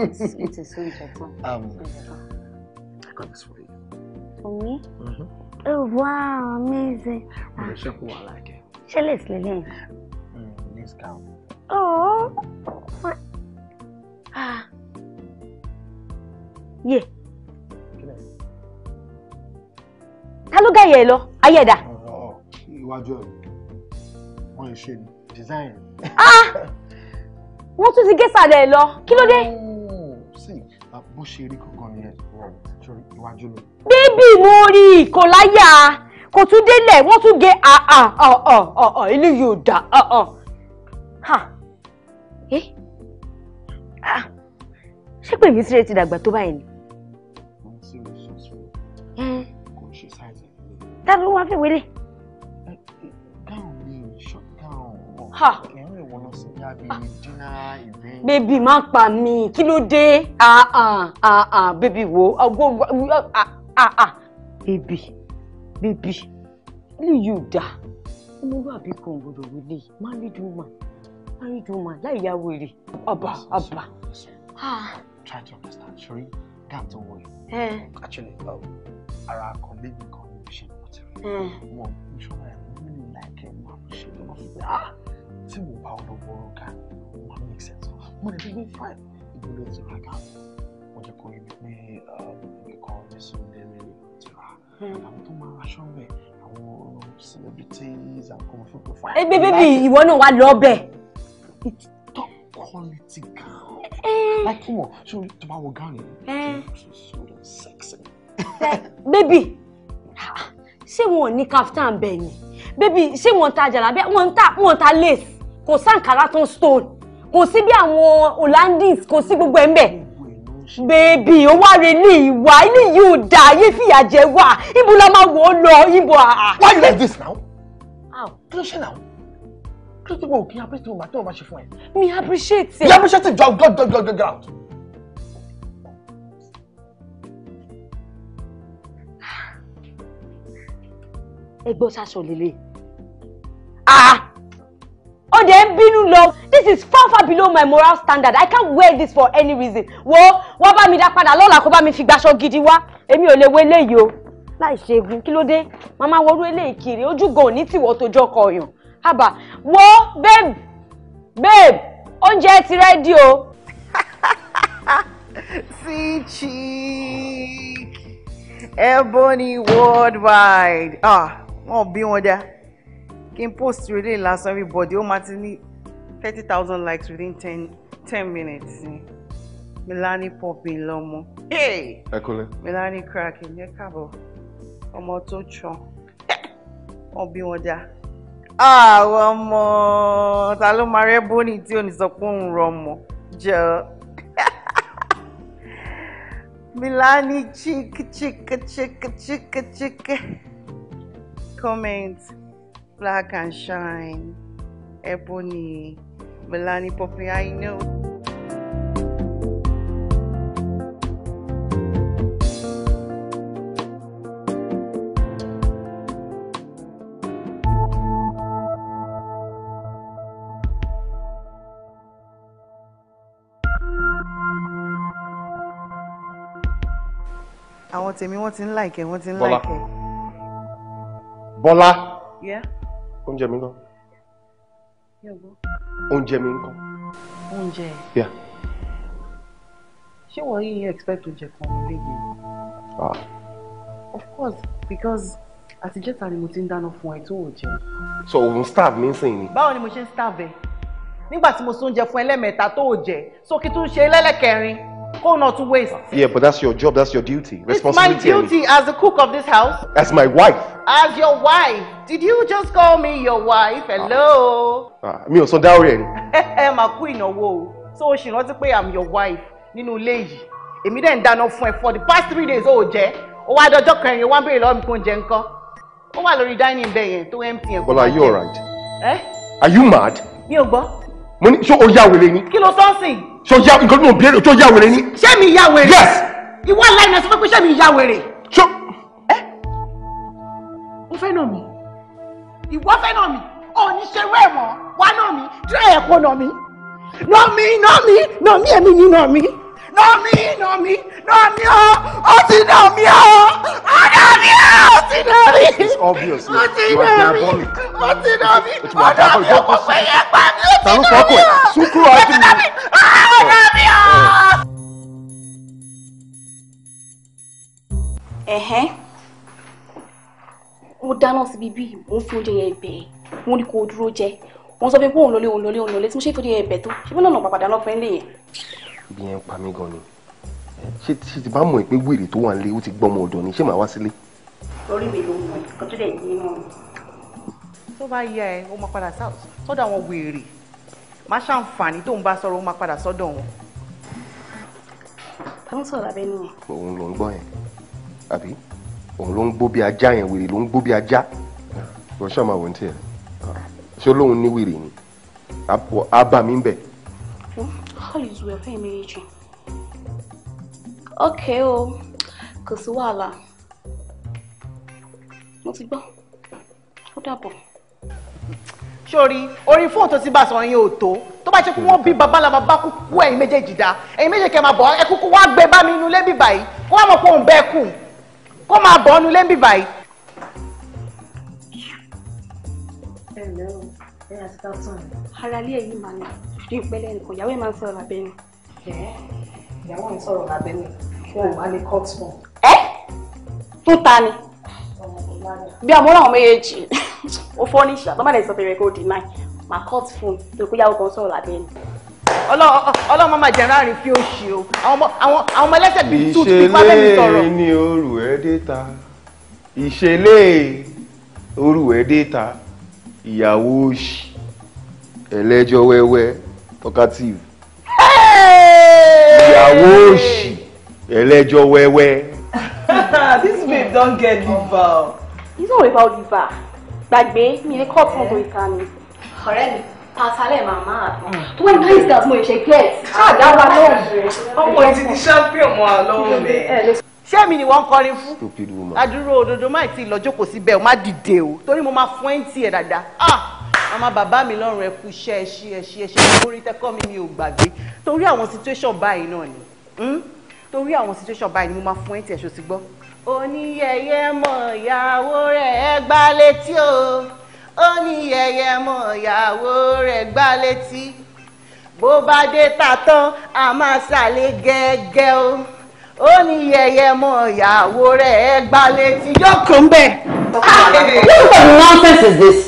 it's, it's a sweet Japan. Um, I got this for you. For me? Mm-hmm. Oh, wow, amazing. I'm sure who I like it. Shall I sleep Mm, this cow. Oh, what? Ah. Yeah. Hello, Ta ló gẹ̀yẹ̀ Oh, you are doing what is ṣe design. Ah! Wọ́n tún ti the sàlẹ̀ lọ. Kí ló dé? Oh. Ah, bó ṣe rí kankan nìyẹn sórí iwájú mi. bébì mo rí i kò láyà kò tún délẹ̀ wọ́n tún gé àà ah, ah, ilé yóò dà eh? ṣé pé mi síre ti dàgbà tó báyìí ni. tá hmm. ló wá fẹ́ wélé. gáwọn bóyá bíi dinner event. bébì má pa mí kí ló dé ah, ah, ah, bébì wo bébì bébì ilé yóò dá ọmọlúwàbí kan gbọ́dọ̀ wọlé married woman married woman láì yá wèrè ọba ọba. try to understand sorry. dam tó wọ actually um, ara kan bébì kan ló ṣe lọ́tẹ̀rẹ̀ wọn ìṣọ́ra ẹ̀ mú mi láìpẹ́ máa ṣe lọ́wọ́ fún mi tí mo bá ọlọ́wọ́ ọ̀gá ó máa make sense mo lè fi gbé ìgbélé ti ra ga mo jẹ́ kó rí pé um, ibi kan ní sunday ti ra hmm. àwọn tó máa aṣọ rẹ̀ àwọn celebrities and commercial profiles. ẹ bẹ́ẹ̀ bẹ́ẹ̀ ìwọ náà wà lọ́bẹ̀. it's top quality gown. Eh. like come on ṣé o tó bá wọ gown yẹn eh. ṣe so sexy. Eh, bébì ṣé wọn ò ní kaftan bẹ́ẹ̀ ni bébì ṣé wọn ń ta jàlábíà wọn ń ta wọn ta lace kò sáǹkárá tán stone kò sí bí àwọn Hollandis kò sí gbogbo ẹ̀ ń bẹ̀ bèbí ó wá relé ìwà ilé yìí dá ayé fìyà jẹ wá ibo la máa wò ó lọ ibo àá. Ah, ah. why you like this now. how kí ló ṣe náà kí ló tó gbọ́ òkè appreciate ìwà tí wọ́n bá ṣe fún ẹ. mi appreciate ẹ. mi appreciate jọ jọ jọ jọ jọ jọ out. ẹgbọ́n sásọ lélẹ̀. ah ó dẹ̀ ń bínú lọ this is far far below my moral standard i can't wear this for any reason wo wá bá mi dá padà lọ́la kó bá mi fi gbaṣọ gidi wá èmi ò lè wé eléyìí o láì ṣẹ́gun kí ló dé màmá wọrú eléyìí kiri ojú gan ní tìwọ́ tó jọ kọyàn haba wo babe babe oúnjẹ ti rẹ́dí o. See chic ebony worldwide ah wọn bí wọn dá kí post post relay lásán everybody ó máa ti ní thirty thousand likes within ten ten minutes ni Milani popping lomo. hey Milani cracking ní káàbọ̀ ọmọ tó tán wọn bí wọn dá àwọn ọmọ ta ló máa rẹ bóni tí ò ní sọ pé òun rọmọ jẹ Milani chick chick chick chick chick comment. Black and Shine, Ebony, Melanie Popiaino. àwọn tèmi wọ́n ti ń láìkẹ́ wọ́n ti ń láìkẹ́. Bọ́lá. Bọ́lá. Yeah oúnjẹ mi ńkọ́. oúnjẹ mi ńkọ́. oúnjẹ. ṣé wọ́n yìí expect oúnjẹ kan nílé yìí. Ah. of course because àtijọ́ ta ni mo ti ń dáná fún ẹ tó ò jẹun. so òun starve mi ń sìn ni. báwo ni mo ṣe ń starve ẹ nígbà tí mo sóúnjẹ fún ẹ lẹ́mẹ̀ẹ́ta tó ò jẹ sókè tún ṣe lẹ́lẹ́kẹrin. Go not to waste. Yeah, but that's your job. That's your duty. Responsibility. It's my duty as the cook of this house. As my wife. As your wife. Did you just call me your wife? Hello. Ah, ah, me ò sọ dáwọ́ yẹn. Ẹ máa kú So she not rántí pé I'm your wife nínú ilé yìí. Èmi dẹ̀ ń dáná fún for the past three days ó jẹ́. Ó wá dọjọ́ kẹrin wá ń béèrè lọ́wọ́ mi kó ń jẹ nǹkan. Ó wà dining bẹ́ẹ̀ yẹn tó empty yẹn. Bọ́lá, are you alright? Eh? Are you mad? Mi ò gbọ́ mo ní ṣé o yà wèrè ni. kí ló sọ́ọ̀sìn. ṣé o yà nǹkan tí mo béèrè tó yà wèrè ni. ṣé mi yà wèrè. yes. ìwọ aláìní ẹ sọ pé ṣé mi yà wèrè. ṣó. ẹ o fẹ́ nà mí ìwọ fẹ́ nà mí ò ní ṣe wẹ́ẹ̀ mọ́ wá nà mí tírẹ̀ ẹ̀kọ́ nà mí nà mí nà mí nà mí èmi ni nà mí nà mí nà mí nà mí ọ́ ó ti nà mí ọ́ ó nà mí ọ́ ó ti nà mí. it's obvious ó ti nà mí ó ti nà mí ó nà mí ó kò fẹ́ yẹ pa mí ó ti nà mí ọ́ ó ti nà mí ó nà mí ọ́. mo dáná síbi bíi mo ń fi oúnjẹ yẹn bẹ̀ẹ́ wọ́n ní kó o dúró jẹ wọ́n sọ pé bóun lọlé òun lọlé òun lọlé tí mo ṣe ìtọ́jú yẹn bẹ̀ẹ́ tó ṣé bí náà nà bàbá dáná fún yẹn bí ẹ ń pa mí gan ni ṣé ti bá mọ̀ pé wèrè tó wà nílé ó ti gbọ́mọ ọ̀dọ̀ ni ṣé màá wá sílé. orí mi ló ń wọ ẹ̀kọ́ tó dẹ̀ yé mọ́ mi. tó bá yá ẹ ó máa padà sọ́dọ̀ àwọn wèrè má ṣàǹfààní tó ń bá sọ̀rọ̀ ó máa padà sọ́dọ̀ wọn. tó ń sọ̀rọ̀ abẹ́nu yẹn. òun ló ń gbọ́ yẹn àbí òun ló ń gbó bí ajá yẹn wèrè ló ń gbó bí ajá. wọ́n ṣàmà wọ́n tiẹ̀ ṣé olóhùn ní wèrè ni abàmí ń bẹ̀ all is well fún ẹ̀mí méjì ok o kò sí wàhálà mo ti gbọ́ ó dàbọ̀. sori orí fóònù tó ti bá sọ̀rọ̀ yẹn ò tó tó bá jẹ́ pé wọ́n bí babalaba bá kúkú ẹ̀yin méjèèjì dá ẹ̀yin méjèèjì kẹ́ máa bọ̀ ẹ kúkú wá gbé bá mi inú lẹ́bí báyìí kó wá mọ̀ pé òun bẹ́ẹ̀ kù kó máa bọ̀ ọ́nú lẹ́bí báyìí. ẹ ǹlẹ́ o ẹ àti tá a tán ara lé ẹ̀yìn màá ní bí ìpẹ́lẹ́ nìkan ìyàwó ẹ̀ máa ń sọ̀rọ̀ lábẹ́ mi. ìyàwó mi sọ̀rọ̀ lábẹ́ mi kí wọ́n wá ní court fún. ẹ tó ta ni bí àwọn ọmọ méjèèjì ó fọ́ ní ìṣà tó lè sọ fẹ́rẹ́ kó deny máa court fún tó kó ìyàwó kan sọ̀rọ̀ lábẹ́ mi ọlọ́mọ máa jẹ̀rọ àrùn fi oṣù o àwọn ọmọ ẹlẹ́sẹ̀ bíi tooth bíi pápẹ́ ìyàwó òṣì ẹlẹ́jọ́ wẹ́wẹ́ talkative ìyàwó òṣì ẹlẹ́jọ́ wẹ́wẹ́. this babe don get liver. it's not about liver gbàgbé mi lè kọ́ fún ọkùnrin ìta mi. ọ̀rẹ́ mi pàṣálẹ̀ màmá àtọ̀ tó wẹ́n náà ìsìn àtúmọ̀ ìṣe get. ṣáàdá wa náà ọmọ ìdí ti champion mọ́ àlọ́wọ́ mi. ṣé mi ni wọ́n ń kọrin fún. adúrò òdodo má ti lọ jókòó síbẹ̀ o má dìde o torí mo máa fún ẹ̀ ń tiẹ̀ dáadáa. Ah! màmá bàbá mi lọ́rùn ẹ kú iṣẹ́ ẹ ṣe ẹ ṣe ẹ ṣe orin tẹ́kọ́ mi mi ò gbàgbé torí àwọn situation báyìí náà ni hmm? torí àwọn situation báyìí ni mo máa fún ẹ̀ tí ẹ̀ ṣo ti gbọ́. oníyẹyẹ mọ ìyàwó rẹ̀ ẹ gbá létí o oníyẹyẹ mọ ìyàwó rẹ̀ gbá létí bó bá dé ta tán a máa ṣàlẹ̀ gẹ́gẹ́ o ó mọ ìyàwó rẹ̀ ẹ gbá létí yóò kún bẹ́ẹ̀. Ah! what nonsense is this?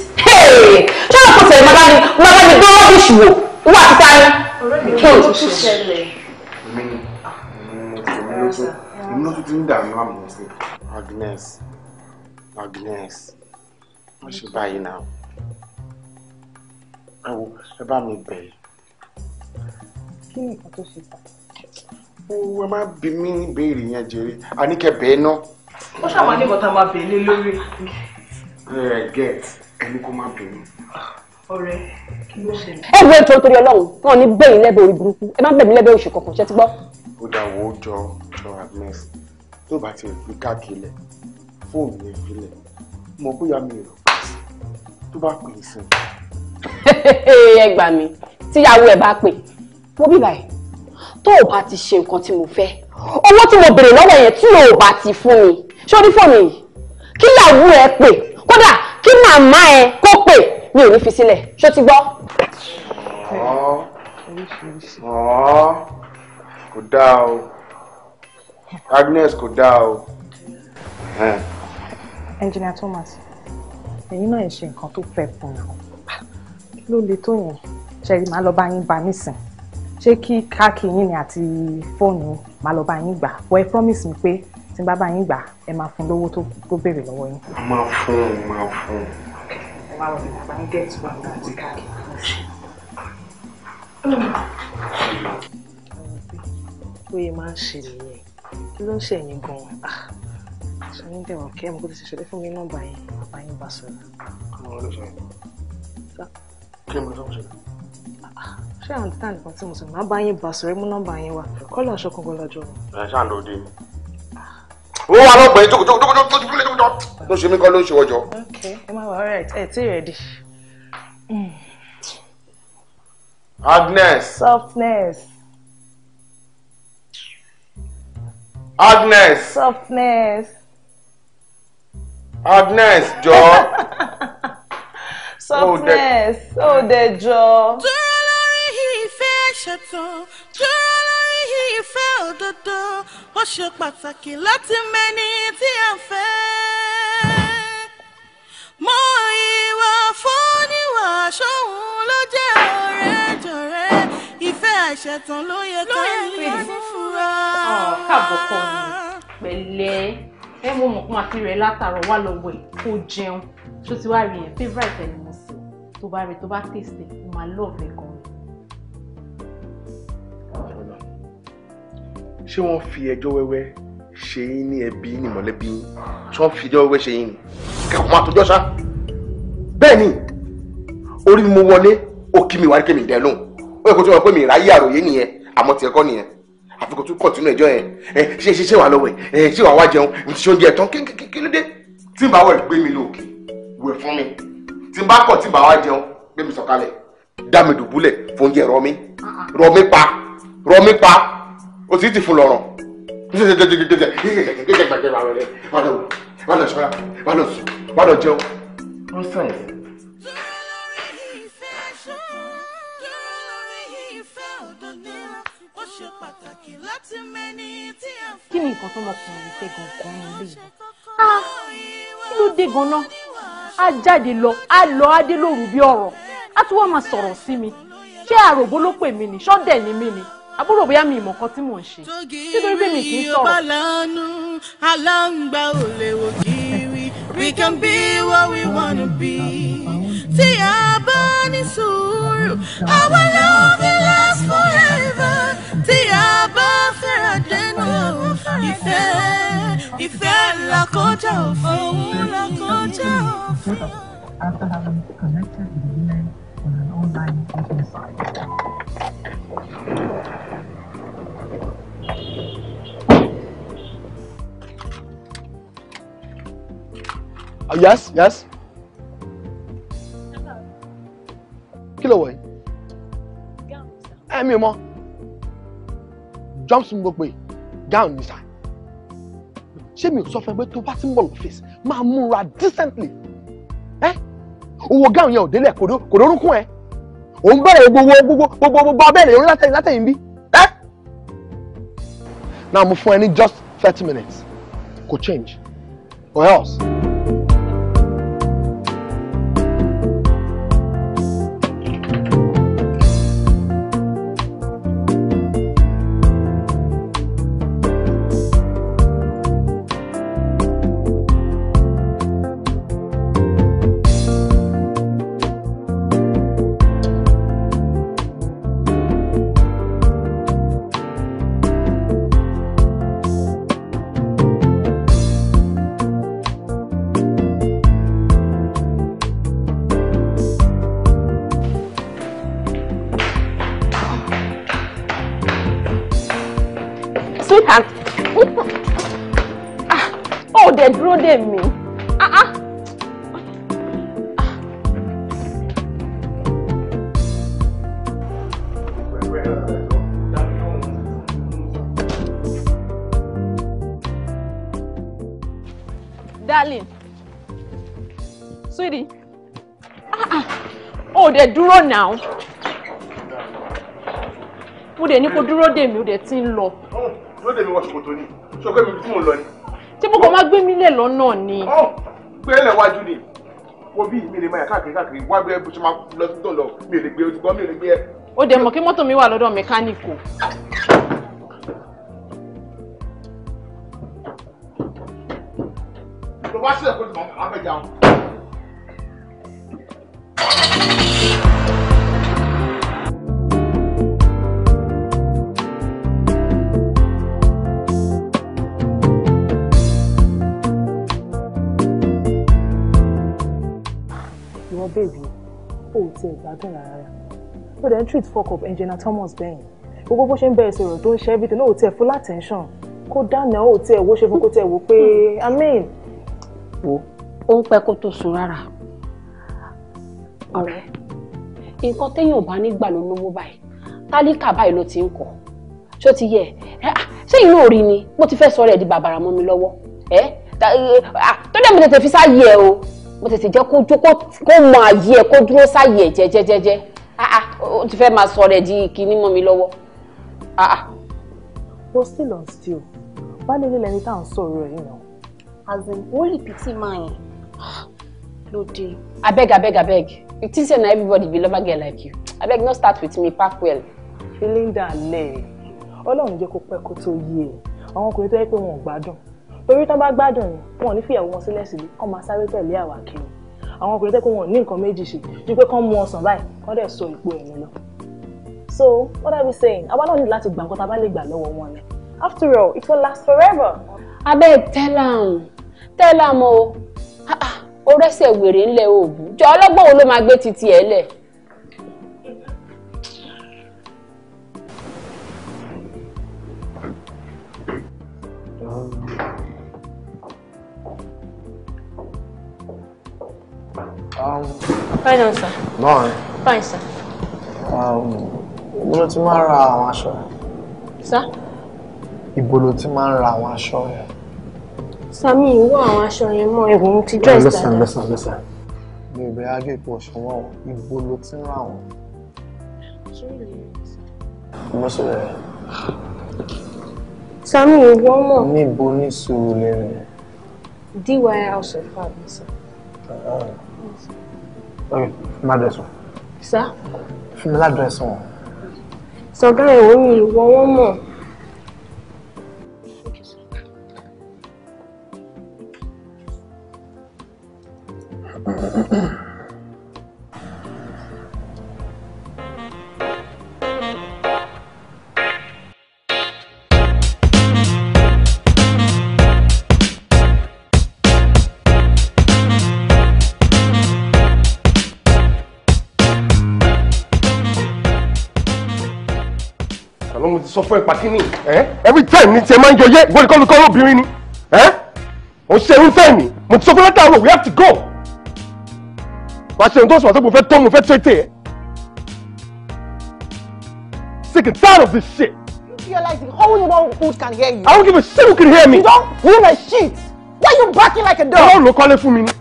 ṣé ọkọ tẹ̀lé máa bá mi máa bá mi gbọ́ rọ́bìṣì wò wà títa ni. ọ̀rẹ́ mi Agnes Agnes wọ́n should báyìí náà now? I will. bá mi bẹ̀ yìí. kí ni nǹkan tó ṣe pàtàkì ẹ má bí mi béèrè yẹn jèrè àníkẹ́ bẹ́ẹ̀ náà. ó ṣàwọn ní ìbọn tá a máa bèèrè ẹni kó má bínú. ọ̀rẹ́ kí ló ṣẹlẹ̀. ẹ wo ètò torí Ọlọ́run wọn ní bẹyìn lẹbẹ orí burúkú ẹ má bẹmí lẹbẹ oṣù kankan ṣe ti gbọ́. ó dà wọ jọ jọ agnes tó bá ti fi káàkiri fóònù yẹn filẹ̀ mo bóyá mi rò tó bá pè é sí i. ẹ gbà mí tíyàwó ẹ bá pè mo bí báyìí tó o bá ti ṣe nǹkan tí mo fẹ́ owó tí mo béèrè lọ́wọ́ yẹn tí o bá ti fún mi ṣé o ní fóònù yìí kíyàwó ẹ pè kódà kí màmá ẹ kó pè mi ò ní fi sílẹ̀ ṣó ti gbọ́. kò dáa o Agnes kò dáa o. engineer Thomas ẹ̀yin náà ẹ̀ ṣe nǹkan tó fẹ́ fún un kí ló le tó yẹn ṣẹ́yìn máa lọ bá yín bá nísìn ṣé kí káàkiri yín ni àti fóònù máa lọ bá yín gbà wọ́n ẹ promise mi pé tí bàbá yín gbà ẹ máa fún lówó tó béèrè lọ́wọ́ yín. a máa fún un máa fún un. ẹ máa rọrùn bàbá yín gẹ̀ẹ́tì wà ní àti káàkiri. bóyá máa ń ṣe nìyẹn kí ló ń ṣe ẹ̀yin gan-an ah, ṣẹ́yìn dẹ̀wọ̀ kí ẹ̀ mọ̀ kó ti ṣẹ̀ṣẹ̀ fún mi nọ́mbà yẹn bàbá yín bá sọ̀rọ̀. àwọn ọlọ́sọ̀ yẹn kí ẹ̀ mọ̀ sọ́kùn ṣẹlẹ̀. ṣé àwọn títà nìkan tí mo sọ máa bá yín bá sọ̀rọ̀ mú nọ́mbà yẹn wá kọ́lọ̀ ṣọkùn gan lọ́jọ́. ẹ ṣáà ló ó wà lọ́gbẹ̀ẹ́ jókòjókòjókòjókòjókòjó ló all right ẹ ready. Mm. Agnes. softness. Agnes. softness. Agnes jọ. softness ó dẹ jọ ìfẹ́ òdodo ó ṣe pàtàkì láti mẹni tí a fẹ́. mọ ìwà fún níwà sóhun ló jẹ́ ọ̀rẹ́ jọ̀rẹ́ ìfẹ́ àṣetán ló yẹ ká ní fúnra. káàbọ̀ kọ́ mi pẹ̀lẹ́ ẹ wo mọ̀kún àti rẹ̀ látàrọ̀ wà lọ́wọ́ ẹ̀ kó jẹun tó ti wá rí yẹn favourite ẹ̀ ni mo sè tó bá rí tó bá tèsè mo máa lọ́ọ̀fẹ́ gan. ṣé wọ́n fi ẹjọ́ wẹ́wẹ́ ṣe yín ní ẹbí ní mọ̀lẹ́bí yín tí wọ́n fi ẹjọ́ wẹ́wẹ́ ṣe yín ni kẹ́kọ̀ọ́ máa tọjọ́ ṣá bẹ́ẹ̀ ni orí mi mo wọlé ó kí mi wá kémi dẹ lóhùn ó yẹ kó tó wọn pé mi ìráyé àròyé nìyẹn àmọ́ tiẹ̀ kọ́ nìyẹn àfi kó tún kọ̀tínú ẹjọ́ yẹn ẹ ṣe ṣe ṣe wà lọ́wọ́ ẹ ṣe wà wá jẹun mi ti ṣe oúnjẹ tán kí tí n bá wẹ̀ gbé mi lóòkè wẹ̀ fún mi tí n bá kọ̀ tí n bá wá jẹun gbé mi sọ̀kalẹ̀ dá mi dùbúlẹ̀ fún oúnjẹ rọ mi ah, ah. pa rọ pa o sì ti fún lọ́rọ̀ wà lọ sọ́ra wà lọ sùn wà lọ jẹun. nonsense. kí ni nǹkan tó lọkùnrin ṣe gangan nílé yìí ah, kí ló dé ganan á jáde lọ á lọ á lóru bí ọ̀rọ̀ á tún wá máa sọ̀rọ̀ sí mi ṣé àròbó ló pè mí ni ṣọdẹ ni mí ni àbúrò bóyá mi ìmọ̀ kan tí mò ń ṣe nítorí pé mi kì í sọ̀rọ̀. aláǹgbá ò lè we can be what we wanna be tí a bá ní sùúrù our love will last forever tí a bá fẹ́ra dẹnu ìfẹ́ ìfẹ́ làkọjá òfin òun làkọjá òfin. After having Uh, yes, yes. Kí ló wọ̀ yìí? Ẹ mi mọ́. Johnson mo pè gown mi sá. Ṣé mi ò sọ fún ẹ pé tó bá Oh ń bọ̀ lọ́fíìsì máa múra decently? Ẹ́ owó gown yẹn ò délẹ̀ kò dórúkún ẹ. Òun bẹ̀rẹ̀ gbogbo gbogbo gbogbo abẹ́rẹ́ òun látẹ̀yìn látẹ̀yìn bí now mo fún ẹ just thirty minutes could change or else. dúró now mo dẹ̀ ní kó dúró dè mí ó dẹ̀ ti ń lọ. Oh, dúró dè mí wọ ṣòkòtò ni ṣòkòtò mi tí mò ń lọ ni. tí mo kàn máa gbé mi lẹ̀ lọ́nà ni. Oh, gbé lẹ̀ wájú ni wo bí mi lè máa yà káàkiri káàkiri wá bí ẹbí ṣe máa lọ sí tó lọ mi lè gbé ojúgbọ́n mi lè gbé ẹ. ó dẹ̀ mọ̀ kí mọ́tò mi wà lọ́dọ̀ mẹkáníìkù. tó bá ṣílẹ̀ kó tó máa fẹ́ jà ò tiẹ̀ gbádùn rárá ó dẹ̀ ń treat fuck up engineer Thomas bẹ́yìn gbogbo bó ṣe ń bẹ̀rẹ̀ sọ̀rọ̀ tó ń ṣe everything náà ò tiẹ̀ full attention kó dáná ò tiẹ̀ wo ṣe fún kó tiẹ̀ wo pé amen. wo ó ń pẹ́ kó tó sùn rárá ọ̀rẹ́ nǹkan téèyàn bá nígbà ló lówó báyìí tálíkà báyìí ló ti ń kọ́ ṣó ti yẹ ṣé ìlú òrí ni mo ti fẹ́ sọ rẹ̀ di bàbàrà mọ́ mi lọ́wọ́ ẹ tó dẹ̀ mi tètè fi sáyé ẹ o mo tètè jẹ́ kó jó kó mọ àyè ẹ̀ kó dúró sáyè ẹ̀ jẹ́jẹ́jẹ́jẹ́ ah ah o ti fẹ́ máa sọ rẹ̀ di kinní mọ́ mi lọ́wọ́ ah ah. but still on still baálé ilé lẹni tá à ń sọ̀rọ̀ yìí náà. as in only pity man yẹn ló dé. abeg abeg abeg you think say na everybody be lover girl like you abeg no start with me pack well. feeling down lẹ́ẹ̀ ọlọ́run jẹ́ kó pẹ́ kó tó yé e àwọn ọkùnrin tó yẹ pé wọn ò gbádùn torí tán bá gbádùn ni wọn ò ní fìyàwó wọn sílẹ̀ sílé kán máa sáré tẹ̀lé àwa kiri àwọn ọkùnrin tẹ́kọ̀ọ́ wọn ní nǹkan méjì ṣe ju pé kán mú ọsàn báyìí kán dẹ̀ so ìpò ẹ̀mí lọ. so what are we saying àwa náà ní láti gbà nǹkan tá a bá lè gbà lọ́wọ́ wọn ni after all it will last forever. abeg tell am tell am o ó rẹ́sẹ̀ wèrè ńlẹ̀ òògùn jọ ọlọ́gbọ́n wo ló máa gbé titi ẹ̀ lẹ̀. Um, Fine, sir. Bọ́ọ̀n. Fine, sir. Um, ibo ló ti máa ń ra àwọn aṣọ rẹ̀? Sá. Ibo ló ti máa ń ra àwọn aṣọ rẹ̀? Sami ìwọ àwọn aṣọ yẹn mọ́ ẹ̀wọ̀n ti dress dáadáa. Listen, listen, listen. Mi ò bẹ̀rẹ̀ ajé ipò òṣùwọ̀n o. Ibo ló ti ń ra wọn? Mo sì rẹ̀. Sami ìwọ mọ̀. Níbo ní sùúrù lè rẹ̀? DY House of Fab, sir. Uh ah, -huh. Ah má dẹ̀ sùn. sá. fún mi ládùrẹ́sì wọn. sọ̀gá ẹ̀wọ̀n mi ìwọ wọn mọ̀. Mm-hmm. sọ fún ẹ pàkínní every time ni tiẹ̀ máa ń yọ yẹ ìwé ìkọlùkọ obìnrin ni ò ṣe irú fẹ́ẹ̀mì mo ti sọ fún látàárọ̀ we have to go wàá ṣe ohun tó sọ̀rọ̀ sọ pé mo fẹ́ tọ́ mo fẹ́ tó ètè ẹ̀ sick and tired of this shit. you realize the only one who can hear you. I don't give a shit who can hear me. you don't give a shit why you backing like a dog. ọlọ́run ló kọ́lé fún mi ni.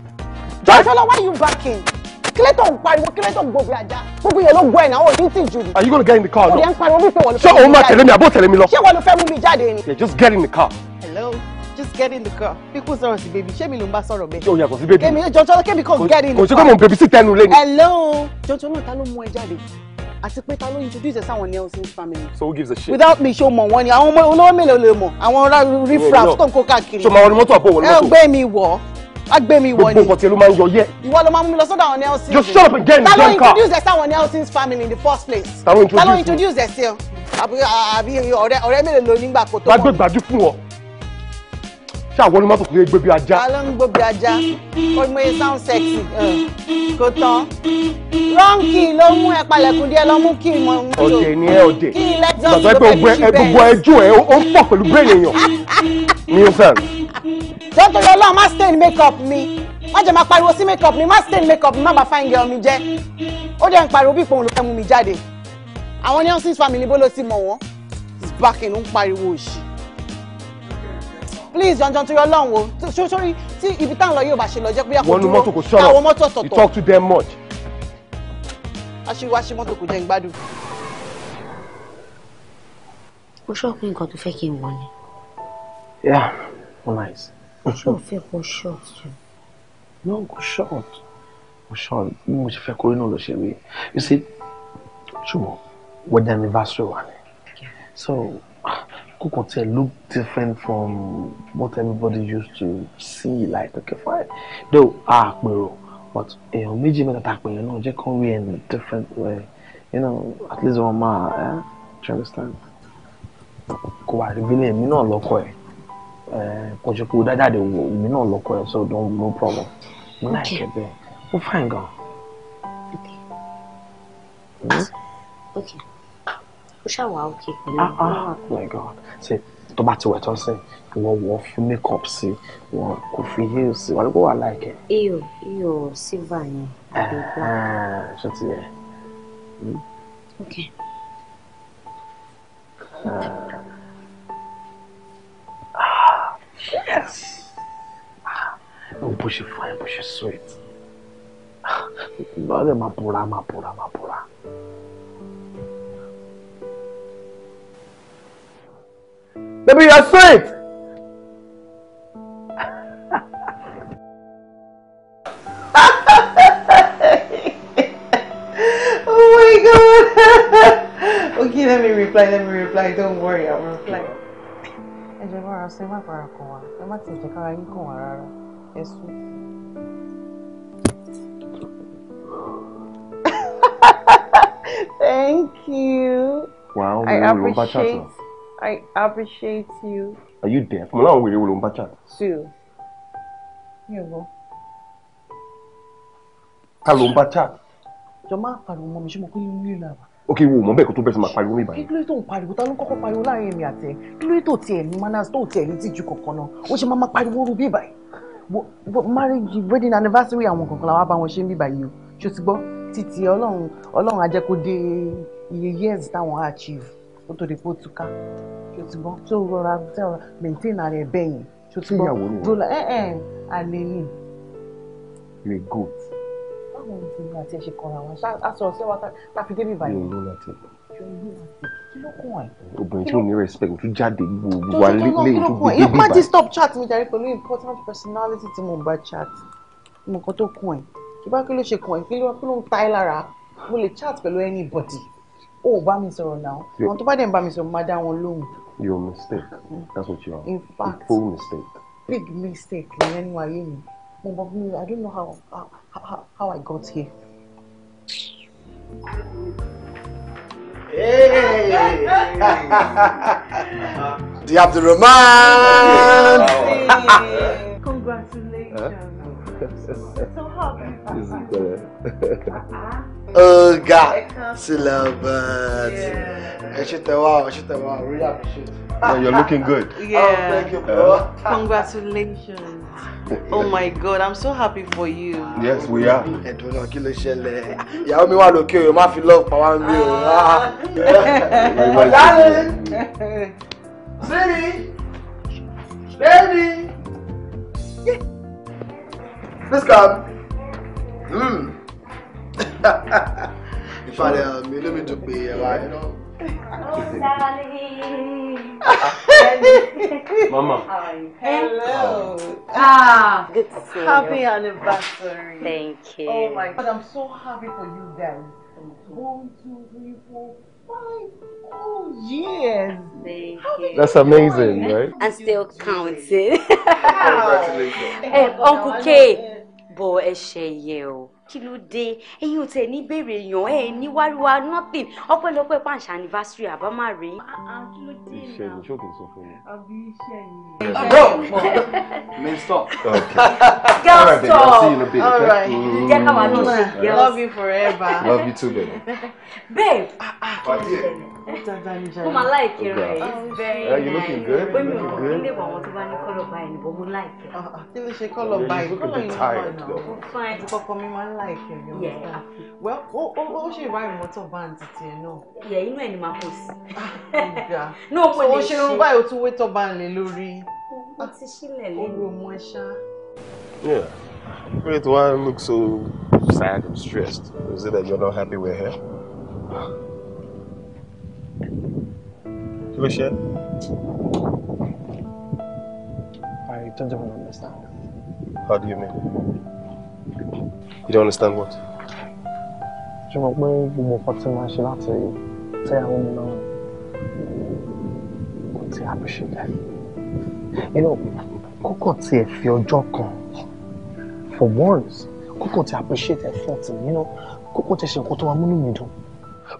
jọ́sọ́lá why you backing? kílẹ̀tọ̀ pariwo kílẹ̀tọ̀ ń ajá gbogbo yẹn ló gbọ́ ẹ̀ náà wọ́n ní jù ni. are you gonna get in the car now. o de ń pariwo wípé wọ́n ló fẹ́ mú mi jáde. ṣé òun máa tẹ̀lé mi àbó tẹ̀lé mi lọ. ṣé wọ́n ló fẹ́ mú mi jáde ni. yeah just get in the car. hello just get in the car pipu sọ̀rọ̀ sí baby ṣé mi ló ń bá sọ̀rọ̀ bẹ́ẹ̀. yóò yàgò sí baby. èmi jọjọ kébì kan get in the car. kò sí pé mò ń sí hello jọjọ náà ta ló mú ẹ jáde àti pé ta ló introduce sáwọn Nelson's family. so who gives a shit. without me ṣo mọ wọn ni àwọn ọmọ olówó mélòó lè mọ àwọn rifraf tó ń kó káàkiri. ṣo ma wọn ni mọ́tò àbọ̀ wọlé mọ́tò. ẹ gbé mi wọ̀ ọ́ agbé wọ ni. gbogbo nǹkan tí máa ń yọ yẹ. ìwọ ló máa mú mi lọ sọ́dọ̀ àwọn Nelson. just shut up again ta ló introduce ẹ sáwọn Nelson's family in the first place. ta ló introduce ẹ sí ọ àbí ọ̀rẹ́ mélòó nígbà kó tó wọn. wàá gbé gbàdú fún ọ ṣàwọnú mọ́tò kò lè gbé bí ajá. aló ń gbó bí ajá onímọ̀ye sound sexy kò tán rọ́ǹkì ló mú ẹ palẹ̀kùn díẹ̀ ló mú kí ìmọ̀ ìmọ̀ tó ọ̀dẹ̀ ni ẹ ọ̀dẹ̀ kí ilẹ̀ tó ń gbé gbogbo ẹjú ẹ ó ń pọ̀ pẹ̀lú brain èèyàn ní o fẹ́ràn. tó tó lọ lọ́wọ́ má stain make up mi má jẹ́ máa pariwo sí make up mi má stain make up mi má bàa fáyín gẹ̀ ọ́ mi jẹ́ ó dẹ̀ ń pariwo bí ìpòhùn ló fẹ́ mú mi jáde àwọn ní ọ́sìn family bó ló ti mọ̀ wọ́n is back in ń pariwo òṣì please jọjọ torí Ọlọ́run o sórí tí ibi táwọn lọ yóò bá ṣe lọ jẹ́ pé yàtọ̀ dúró káwọn mọ́tò ọ̀tọ̀ọ̀tọ̀. you talk to them much. aṣíwá ṣe mọ́tò kò jẹ́ ń gbádùn. mo sọ pé nǹkan tó fẹ́ kí n wọ ni. yeah no nice. ṣé o fẹ́ kó short jù. no go short go short bí mo ṣe fẹ́ kó inú lọ ṣe rí you see ṣùgbọ́n wedding anniversary one. so. Kukote look different from what everybody used to see. Like, okay, fine. Though, ah, bro, but èèyàn méjì mẹ́ta tá a pè yẹn náà jẹ́ in a different way. You know, at least one ma, eh? Do you understand? Kò wá rí bílẹ̀ èmi náà lọ́kọ̀ ẹ̀. Eh, kò ṣe kó dájáde wò èmi náà lọ́kọ̀ ẹ̀ so don't no problem. Mo náà kẹ̀ bẹ́ẹ̀. Ó fine gan. Okay. Hmm? Okay ṣàwà òkè pẹ̀lú. ah ah oh my god ṣe tó bá ti wẹ̀ tán sí wọ́n wọ́n fún makeup sí wọ́n kò fi heels sí wọ́n kó wà láìkẹ́. iyo iyo silver yẹn. Ah, ah, ṣé ti yẹ. Hmm? ok. Ah. yes. Oh, bó ṣe fine bó ṣe sweet. báwo lè máa bora máa bora máa bora. Baby, you are straight. oh my god. okay, let me reply, let me reply. Don't worry, I will reply. Ẹ jẹ́ bára Thank you. Wow, I appreciate I appreciate you. Are you deaf? Mo láwọn wèrè wo ló ń bá chat. Two. Mi ò gbọ́. Ta ló ń bá chat? Jọ máa pariwo mọ́ mi ṣé mo pín ní ilé làbà. Ok wo mọ̀ bẹ́ẹ̀ kó tó bẹ́ẹ̀ sọ máa pariwo mi báyìí. Kí ló tó ń pariwo? Ta ló ń kọ́kọ́ pariwo láàrin èmi àtẹ? Kí ló tó tiẹ̀ ní manners tó tiẹ̀ ní tìjú kankan náà? Ó ṣe máa máa pariwo rú bí báyìí. Marriage wedding anniversary àwọn kankan làwọn bá wọn ṣe ń bí báyìí o. Ṣé o ti gbọ́? Títí Ọlọ́run Ọlọ́run á jẹ́ kó dé iye years táwọn achieve kó tó di pé ó túká ṣó ti gbọ́ ṣó rọra ṣe rọra maintain ara ẹ̀ bẹ́ẹ̀ yẹn ṣó ti gbọ́ dọ́là ẹ̀ ẹ̀ alẹ́ ni. you a goat. báwo ni ti ní àti ẹ ṣe kọra wọn ṣá a wa tá débi báyìí. yóò lọ́la tẹ̀. obìnrin tí ò ní respect tún jáde gbogbo wa lẹ́yìn tó gbé débi báyìí. yóò má stop chat mi jàre pẹ̀lú important personality tí mo bá chat nǹkan tó kún ẹ̀ kí bá kí ló ṣe kún ẹ̀ kí ló ń ta ẹ́ lára mo lè chat pẹ̀lú anybody. Oh, bá mi sọ̀rọ̀ náà àwọn tó bá dẹ̀ ń bá mi sọ̀rọ̀ máa dá wọn lóhùn. your mistake that's what you are in fact a full mistake. big mistake ní ẹnu ayé mi mo bọ fún mi i don't know how how how i got here. Hey! the Abdulrahman! Congratulations! so happy. Ọ̀gá sí lovers. Ẹ ṣe tẹ wá, ẹ ṣe tẹ wá, really appreciate. Yeah, you're looking good. Yeah. Oh, thank you, bro. Congratulations. oh my God, I'm so happy for you. Yes, we are. Ẹ̀dùn náà kí ló ṣẹlẹ̀? Ìyàwó mi wà lókè o, má fi love pa wá mi o. Ah. Ah. Darling, baby, baby, please come. Mm ìfàdé mi ló mi dùn pé ẹ wá ẹ náà. Mama. Hello. Ah, good to see happy you. Happy anniversary. Thank you. Oh my God, I'm so happy for you guys. One, two, three, four, five oh, years. Thank How you. That's amazing, right? And still counting. Congratulations. Hey, eh, Uncle K, bó ẹ ṣe kí ló dé ẹ̀yin ò ní béèrè èèyàn ẹ̀ ní wáríwá nothing ọpẹ́lọpẹ́ pàǹṣà anniversary àbá má rí. Ah, ah, kí iṣẹ́ ni ṣó sọ fún mi. àbí iṣẹ́ ni. bro mi stop. girl stop jẹ́ ká wà lọ sí mm. girl. love you forever. love you too babe. babe. pàdé ẹ̀ mo máa láìkí oh, rẹ̀ it's oh, very nice. you looking good. pé mi ò mọ̀ nílé ìwà àwọn tó bá ní kọ́lọ̀ báyìí ni mo láìkí. Ah, kí ló ṣe kọ́lọ̀ báyìí kọ́lọ̀ yìí ló wà náà. fine. ìkọ̀kọ̀ mi máa ń láìpẹ́ yọ ọ́nà well ó ṣe ìwà ìmọ́tò báńdì tiẹ̀ náà. yẹ inú ẹ ni màá pò sí. ọ̀gá náà mo lè ṣe. o ṣe irun báyìí o tún wé tọ́ba lè lórí. o ti sílẹ̀ ah, lẹ́nu. oru ọmọ ẹ ṣá. yeah wait why you look so sad and stressed is it that you're not happy we're here. kí I don't even understand. How do you mean? You don't understand what? Ṣé mo pé gbogbo nǹkan tí màá ṣe láti tẹ́ àwọn mi náà kò tí a bẹ̀ṣẹ̀ dẹ̀? Inú kókò tí ẹ fi ọjọ́ kan for once kókò tí appreciate effort nínú kókò tí ẹ ṣe nǹkan tó wà múnú mi dùn.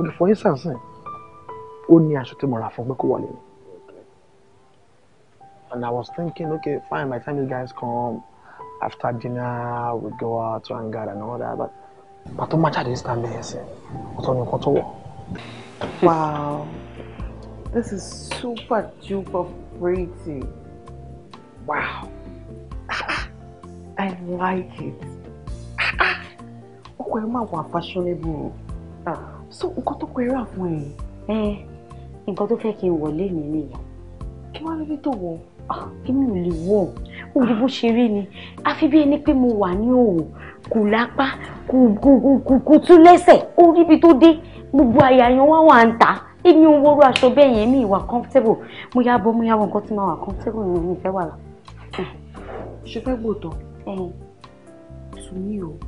Okay, for instance, ó ní aṣọ tí mo rà fún pé kó wọlé. And I was thinking, okay, fine, my family guys come after dinner we go out to hangout and all that but pàtó má jáde stand there ẹsẹ̀ ọ̀tọ̀ nìkan tó wọ̀. wow this is super duper pretty wow i like it ọkọ ẹ má wà fashionable ah, so nǹkan tó kọ ẹ rà fún ẹ. ẹ eh, nǹkan tó fẹ́ kí n wọlé mi nìyẹn. kí wàá lóde tó wọ̀ ọ́ kíni ò lè wọ̀ ó di bó ṣe rí ni àfi bí ẹni pé mo wà ní òwò kò lápá kò tún lẹ́sẹ̀ ó ríbi tó dé gbogbo àyà yan wá wà ń ta èmi ò wọ́rọ̀ aṣọ bẹ́ẹ̀ yẹn mi ìwà comfortable mo yá bọ́ mo yá wọ nǹkan tí mo wà comfortable ni mi fẹ́ wà lá. ṣe fẹ́ gbòòtọ́ to me o oh,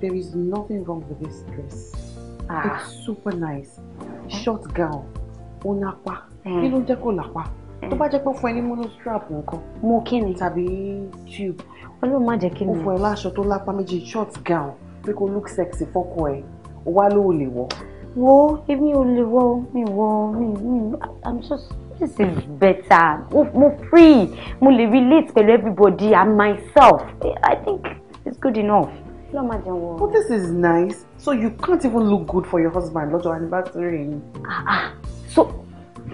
there is nothing wrong with this dress ah. it's super nice short gown ó nápa kí ló jẹ́ kó lápá tó bá jẹ́ pé ó fún ẹ ní monostrap nǹkan. mo kí ni. tàbí tube. ọlọ́run má jẹ́ kí ni. ó fún ẹ láṣọ tó lápá méjì short gown pé kó look sexy fọ́kọ ẹ wá ló lè wọ. wo èmi ò lè wọ mi wọ mi mi i'm just this is better mo free mo lè relate pẹ̀lú everybody and myself i think it's good enough. No, madam. Well, oh, this is nice. So you can't even look good for your husband lọ́jọ́ anniversary. Ah, ah. So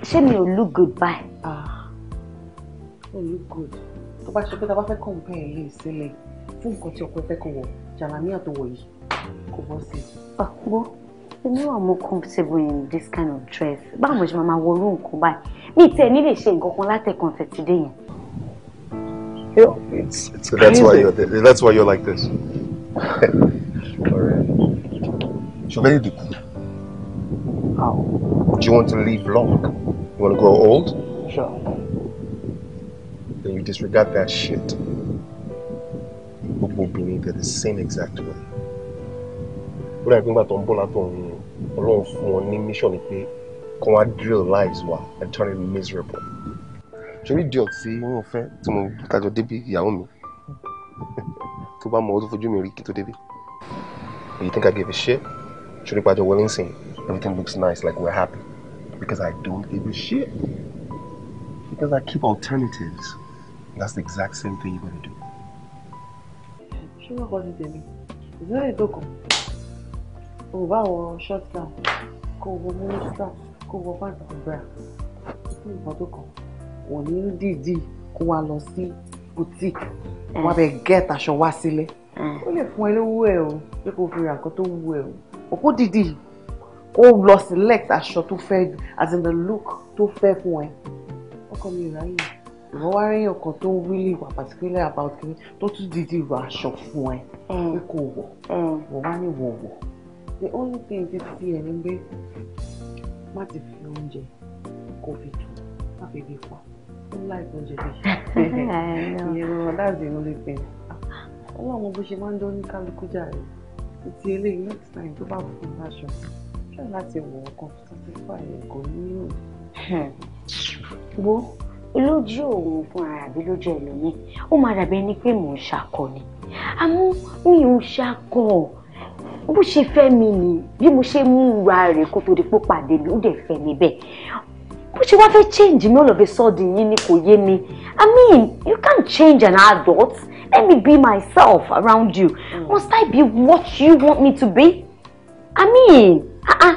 ṣé mi ò look good báyìí. ah o look good tó bá ṣe pé tá a bá fẹ́ compare ilé ìsílẹ̀ fún nǹkan tí ọkọ fẹ́ kó wọ̀ jàlámíà tó wọ̀ yìí kò bọ́ sí i. àpò ah, èmi wà more comfortable in this kind of dress báwo mo ṣe máa wọ orú nǹkan báyìí mi tẹ ní lè ṣe nǹkan kan látẹ̀kàn tẹ̀tídé yẹn. It's, it's, that's why you're there. That's why you're like this. Ṣùgbọ́n How? Do you want to leave long? want to grow old? Sure. Then you disregard that shit. Gbogbo obìnrin they're the same exact way. Wúlò àgbẹ̀ ńgbà tó ń bọ̀ látọ̀ ọ̀hún ọlọ́run fún wọn ní mission ni pé kí wọ́n drill lives wa and turn it miserable. Ṣorí díọ̀ tí wọ́n fẹ́ tí mo tajọ débi ìyàwó mi tó bá mọ ọdún fojú mi rí kí tó débi. You think I give a shit? Ṣorí pàjọ wọlé ń sìn everything looks nice like we're happy because I don't give a shit. Because I keep alternatives. That's the exact same thing you're gonna do. Ṣé wọ́n kọ́ sí tèmi? Ìzọ́rọ̀ ìdókò. Kò bá wọ short slam, kò wọ mini slam, kò wọ pant àti bra. Kí ni nǹkan tó boutique. Wọ́n mm. o, pé kò fi ra o. Òkú dìídì ó lọ select aṣọ tó fẹ́ jù as in the look tó fẹ́ fún ẹ ọkọ mi ìráyè ìwọ wá rí ọkàn tó ń really wà particular about kìíní tó tún dídí ra aṣọ fún ẹ mm. pé kò wọ̀ mm. wọ̀ wá ní wọ̀ the only thing ti fi ẹ̀ ni pé má ti fi oúnjẹ kò fi tù má fi bí pa ó láì oúnjẹ bí ìyẹn lọ that's the only thing ọlọ́run bó ṣe máa ń dán ní kálukú jà rẹ̀ ti eléyìí next time tó bá fún un láṣọ ṣé láti wọ ọkàn títí fàyè kò nílò wo lójú òun fún ara àbí lójú ẹlòmíì ó máa dàbí ẹni pé mò ń ṣakọ ni àmọ́ mi ò ṣakọ bó ṣe fẹ́ mi ni bí mo ṣe mú ìwà rẹ̀ kó tó di pé pàdé mi ó dẹ̀ fẹ́ mi bẹ́ẹ̀ bó ṣe wá fẹ́ change mi all of a sudden yìí ni kò yé mi i mean you can't change an adult let me be myself around you mm. must i be what you want me to be i mean. Ah, ah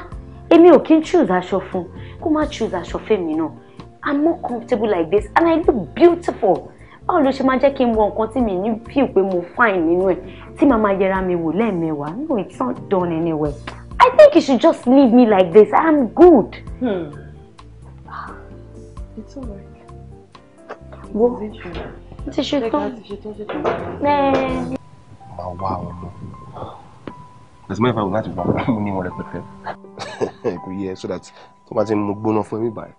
èmi ò kí n choose aṣọ fún kó má choose aṣọ fẹ́mi náà i'm more comfortable like this and i look beautiful báwo ló ṣe máa jẹ́ kí n wọ nǹkan tí mi ní feel pé mo fine nínú ẹ̀ tí màá máa yẹra mi wò lẹ́ẹ̀mẹwàá no it's not done anyway i think you should just leave me like this i'm good. Hmm. it's alright. wo ti ṣe tán. máa wá ọ̀run pèsè mẹ́fà wò láti gbà mo ní wọn rẹpẹtẹ. kò yẹ so that tó no ti for me, fún For báyìí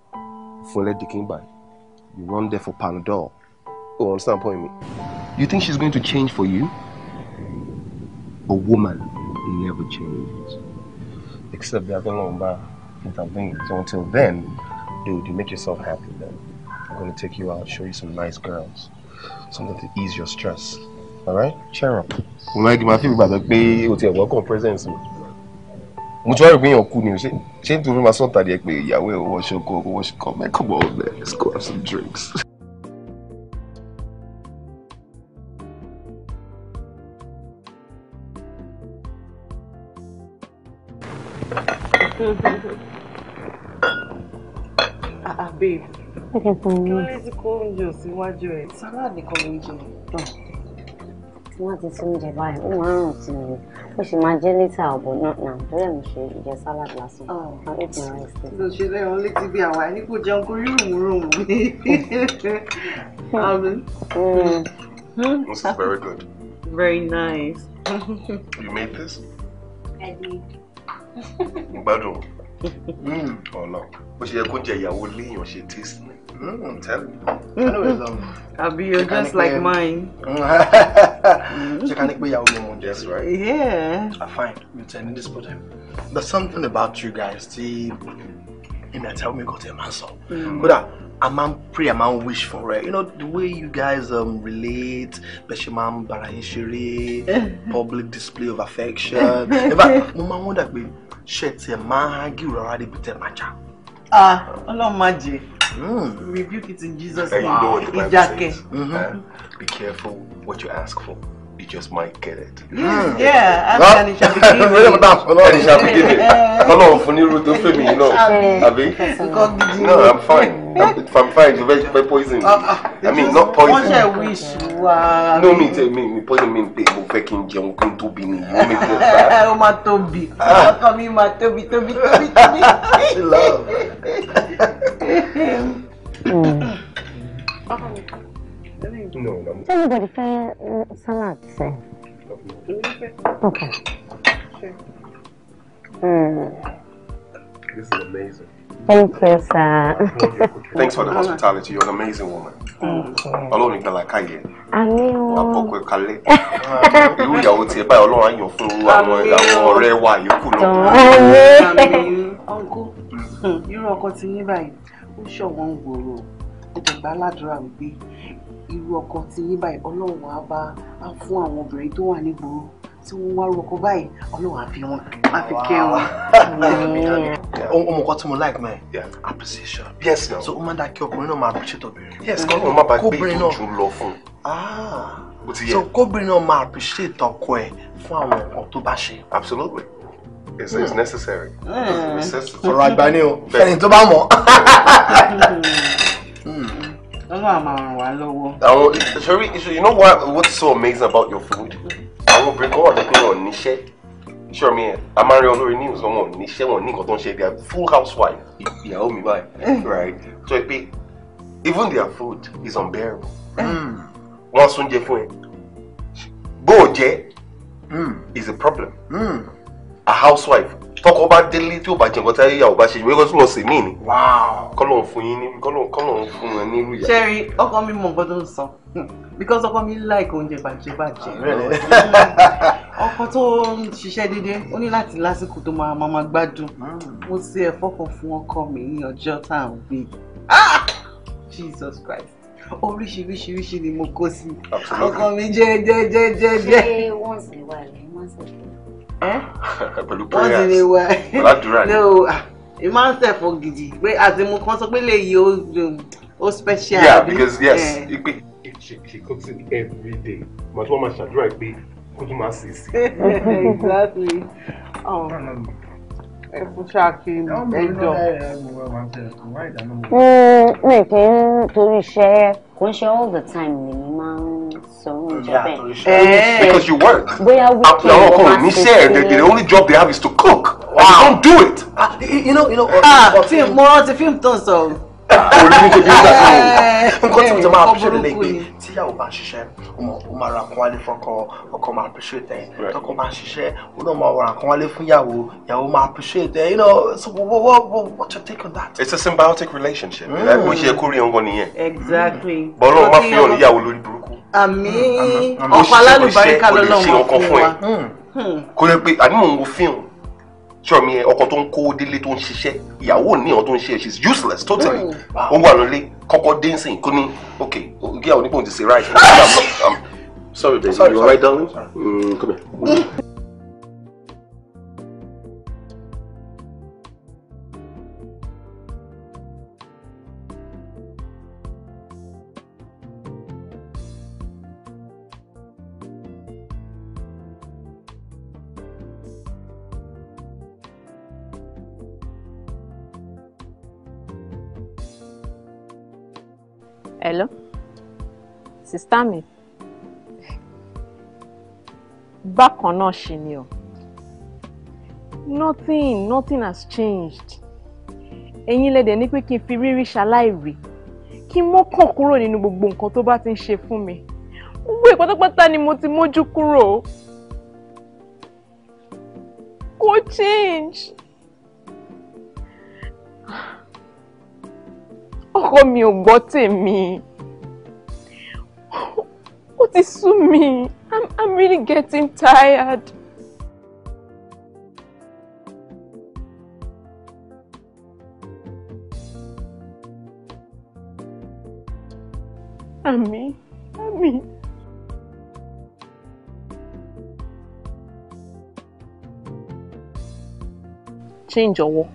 fún ẹlẹ́dìkín báyìí you run there for Pandora. oh understand point me. you think she's going to change for you? a woman never changes except that alone by intervene so until then dude you make yourself happy then I'm gonna take you out show you some nice girls something to ease your stress alright ṣẹ́ràn. mo máa ń gbìmọ̀ àfihàn gbàgbọ́ pé o ti ẹ̀ welcome presence mi mo ti wá rò pé èèyàn kú ni o ṣé ṣé nítorí máa sọ̀tà díẹ̀ pé ìyàwó ẹ̀ wọ́n ṣọkọ wọ́n ṣọkọ mẹ́kọ̀ọ́ bọ̀ ọ̀bẹ let's go have some drinks. Ah, ah babe kí ló rí ti kó oúnjẹ òsínwájú ẹ sáláàdì kan ló ń jẹ tí wọ́n ti tún jẹ báyìí ó máa ń rùn sí mi ó sì máa jẹ́ létà ọ̀bọ̀ náà náà torí ẹ̀ mo ṣe ìjẹ salad lásán and eat my rice too. ló ṣe lẹ́yìn létí bí àwa ẹni kò jẹun kó rí òun rò This is very good. Very nice. You made this? I did. Gbádùn. Mm, Ọ̀la bó ṣe yẹ kó jẹ ìyàwó léèyàn ṣe taste ni. Mm, tell me. I know it's um. Abi, you're just like mine. She can make me your woman, right? Yeah. I ah, find you telling this problem. There's something about you guys. See, you may tell me got a man so. But uh, a man pray, a man wish for it. You know the way you guys um relate, Beshiman Barahishiri, public display of affection. In fact, Mama wonder be shit a man give already with a matcha. Ah, I love magic. Mm. Rebuke it in Jesus' name. You know what the Bible says. Mm -hmm. Be careful what you ask for. You just might get it. Mm. Yeah, yeah. Ask and ah! it shall be given. Ọlọ́run shall be given. Ọlọ́run fún nírú tó fẹ́ mi yìí náà. Àbí? No, I'm fine. I'm, fine you fẹ́ poison me ah, ah, i mean not poison. wọ́n ṣe wish wa. no me, me, me. poison mi pe mo fẹ́ kí n jẹun kí me. tóbi ni you make me fat. o ma tóbi ah. ọkọ mi ma tóbi tóbi tóbi tóbi. Does anybody fẹ́ eh, salad sẹ́? Okay. Sure. Mm. This is amazing. Thank you, sir. Mm. Thanks for the hospitality. You're an amazing woman. Thank you. Ọlọ́run ìgbà làkàyè. Àmín o. Wà á bọ̀kọ̀ kalẹ̀. Irú ìyàwó tiẹ̀ báyìí Ọlọ́run á yàn fún irú àwọn àwọn ọ̀rẹ́ wa yòókù lọ. Àmín. Ọ̀gọ́, irú ọkọ ti ní báyìí, ó tí wọ́n wá roko báyìí ọlọ́run àfi wọn àfi kẹ́ wọn. ọmọ kan tí mo like man appreciation. yes na so ó máa ń dá kí ọkùnrin náà máa appreciate obìnrin. yes mm. kọ́ ló máa bá gbé ìtọ́jú lọ fún un. Ah. so kóbìnrin náà máa appreciate ọkọ ẹ fún àwọn nǹkan tó bá ṣe. absolutely. It's, mm. it's necessary. Mm. It's necessary. Ọ̀rọ̀ àgbà ni o. Ẹni tó bá mọ̀. Mm. Ọlọ́run àmàràn wà lọ́wọ́. Àwọn Sori, you know what, what's so amazing about your food? àwọn obìnrin kan wà ní pé wọn ò sure mi a máa ń rí olórí news wọn ò níṣẹ́ wọn ní nǹkan tó ń ṣe they full housewife ìyàwó mi báyìí eh. right so ẹ pé even their food is unbearable eh. hmm. wọ́n sún jẹ fún ẹ bó o jẹ hmm. is a problem hmm. a housewife tọkọ bá délé tí ò bá jẹ nǹkan tí ìyàwó bá ṣe ìwé kan tún lọ sí mí ni. kọ́lọ̀ fún yín ní kọ́lọ̀ fún wọn ní ìrúyà. ṣẹ́rí ọkọ mi mọ nǹkan tó ń sọ because ọkọ mi like oúnjẹ bàjẹ́ bàjẹ́ ọkọ tó ń ṣiṣẹ́ déédéé ó ní láti lásìkò tó máa máa gbádùn hmm. mo ṣe ẹ̀fọ́ kan fún ọkọ mi ní ọjọ́ tá à ń gbé Jesus Christ oríṣiríṣiríṣi ni mo kó sí ọkọ mi jẹ́ jẹ́ jẹ́ jẹ́ jẹ́. ṣé once in a while once in a while. Eh? pẹ̀lú prayer wọ́n ti lè wá ládùúrà ni. ẹ máa ń sẹ̀fọ́ gidi pé àtìmú kan sọ pé lè yí um, ó special. yeah because yes ipe. Eh. she she cooks it every day but wọ́n máa ṣàdúrà pé kó tún máa sè sí. exactly. Oh. Ẹ fún ṣáàkì ẹjọ́. Mi kì í torí iṣẹ́ kò ń ṣe all the time ni mi máa ń Eh. because you work. Where are we? No, no, ń ṣe Share, the only job they have is to cook. wow don't do it. ah you know you know. ah uh, uh, fíìmù mo rántí fíìmù tó ń sọ. Ah, olùdíje tó bí ó dà sí i eh. nǹkan tí mo ti máa eh, appreciate lè gbé tíyàwó bá ń ṣiṣẹ́ o máa ra nǹkan wálé fọkọ ọkọ máa appreciate ẹ tọkọ máa ṣiṣẹ́ o náà máa ra nǹkan wálé fún ìyàwó ìyàwó máa appreciate ẹ you know so what what what your take on that. it's a symbiotic relationship. ẹ kò ṣe hmm. kórè ń wọ nìyẹn. exactly. bọ́lá o máa fi hàn níyàwó lórí burúkú. Hmm, àmín ọ̀pọ̀ alálùbáríkà lọ́lọ́run ọkọ fún ẹ hmm. hmm. kó lè pe àmì mò ń wo fíìmù sọ mi ọkọ tó ń kó délé tó ń ṣiṣẹ́ ìyàwó níyàn tó ń ṣe she She's useless totally ó wà lọlé kọ́kọ́ dancing kó ní ok gíga onípò ti ṣe right sorry baby sorry, you alright darling mm, come here. hello sista mi bákan náà ṣì ni o nothing nothing has changed ẹ̀yin lẹ́dẹ̀ ní pé kí n fi rírí ṣaláìrí kí n mọ́kàn kúrò nínú gbogbo nǹkan tó bá ti ń ṣe fún mi gbogbo ìpátápátá ni mo ti mójú kúrò kò change. ọkọ mi ò gbọ́ tèmi ó ti sú mi I'm, I'm really getting tired. Àmì, àmì. Change ọwọ́.